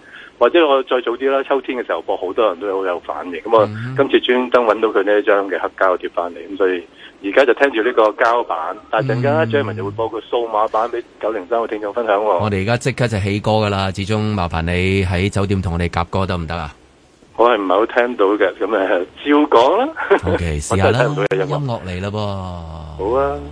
或者我再早啲啦，秋天嘅時候播，好多人都好有反應。咁啊、嗯，我今次專登揾到佢呢張嘅黑膠碟翻嚟，咁所以而家就聽住呢個膠版。但係陣間張文就會播個數碼版俾九零三嘅聽眾分享、哦。我哋而家即刻就起歌噶啦，始終麻煩你喺酒店同我哋夾歌得唔得啊？我係唔係好聽到嘅？咁誒，照講啦。O K，試下啦。音樂嚟啦噃。好啊。Mm.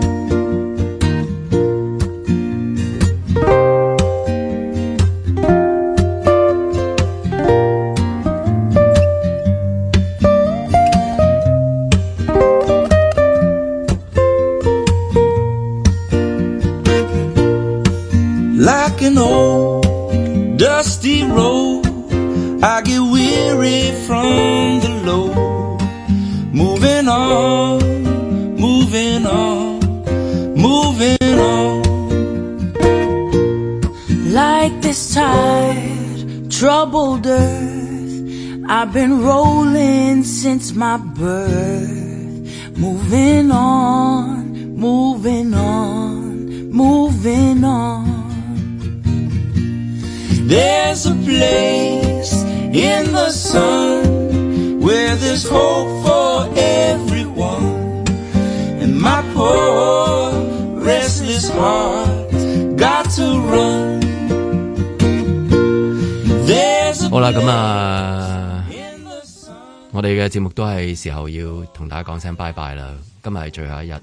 嘅節目都係時候要同大家講聲拜拜啦，今日係最後一日，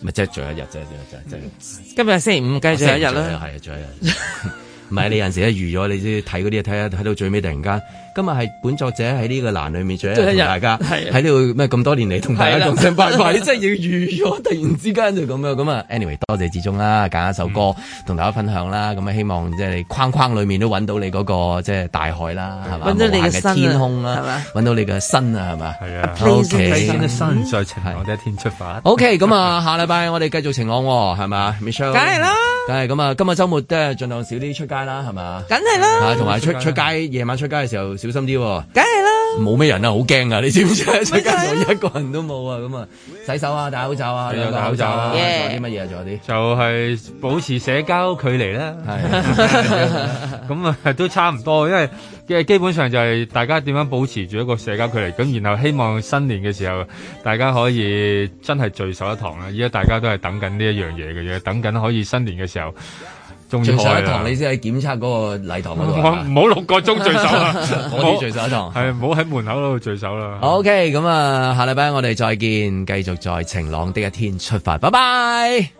咪即係最後一日啫，即係即係，今日星期五最後，繼續、哦、一日咯，係啊， 最後一日，唔係 你有時一預咗，你先睇嗰啲，睇下睇到最尾突然間。今日係本作者喺呢個欄裡面最一同大家，喺呢個咩咁多年嚟同大家同聲拜拜，真係要預咗突然之間就咁樣咁啊！anyway，多謝志忠啦，揀一首歌同大家分享啦，咁啊希望即係你框框裡面都揾到你嗰個即係大海啦，係嘛你嘅天空啦，係嘛揾到你嘅身啊，係嘛？係啊，O K，喺晴朗嘅一天出發。O K，咁啊，下禮拜我哋繼續晴朗喎，係嘛？梗係啦，梗係咁啊！今日周末都係盡量少啲出街啦，係嘛？梗係啦，同埋出出街夜晚出街嘅時候。小心啲喎，梗係啦，冇咩人啊，好驚啊，你知唔知啊？出街一個人都冇啊，咁啊，洗手啊，戴口罩啊，又戴口罩啊，做啲乜嘢啊？做啲就係保持社交距離啦，係，咁啊都差唔多，因為嘅基本上就係大家點樣保持住一個社交距離，咁然後希望新年嘅時候大家可以真係聚首一堂啦。依家大家都係等緊呢一樣嘢嘅啫，等緊可以新年嘅時候。聚首一堂，你先喺檢測嗰個禮堂度。唔好、嗯、六個鐘聚首啦，嗰啲聚首一堂。係唔好喺門口度聚首啦。OK，咁啊，下禮拜我哋再見，繼續在晴朗的一天出發。拜拜。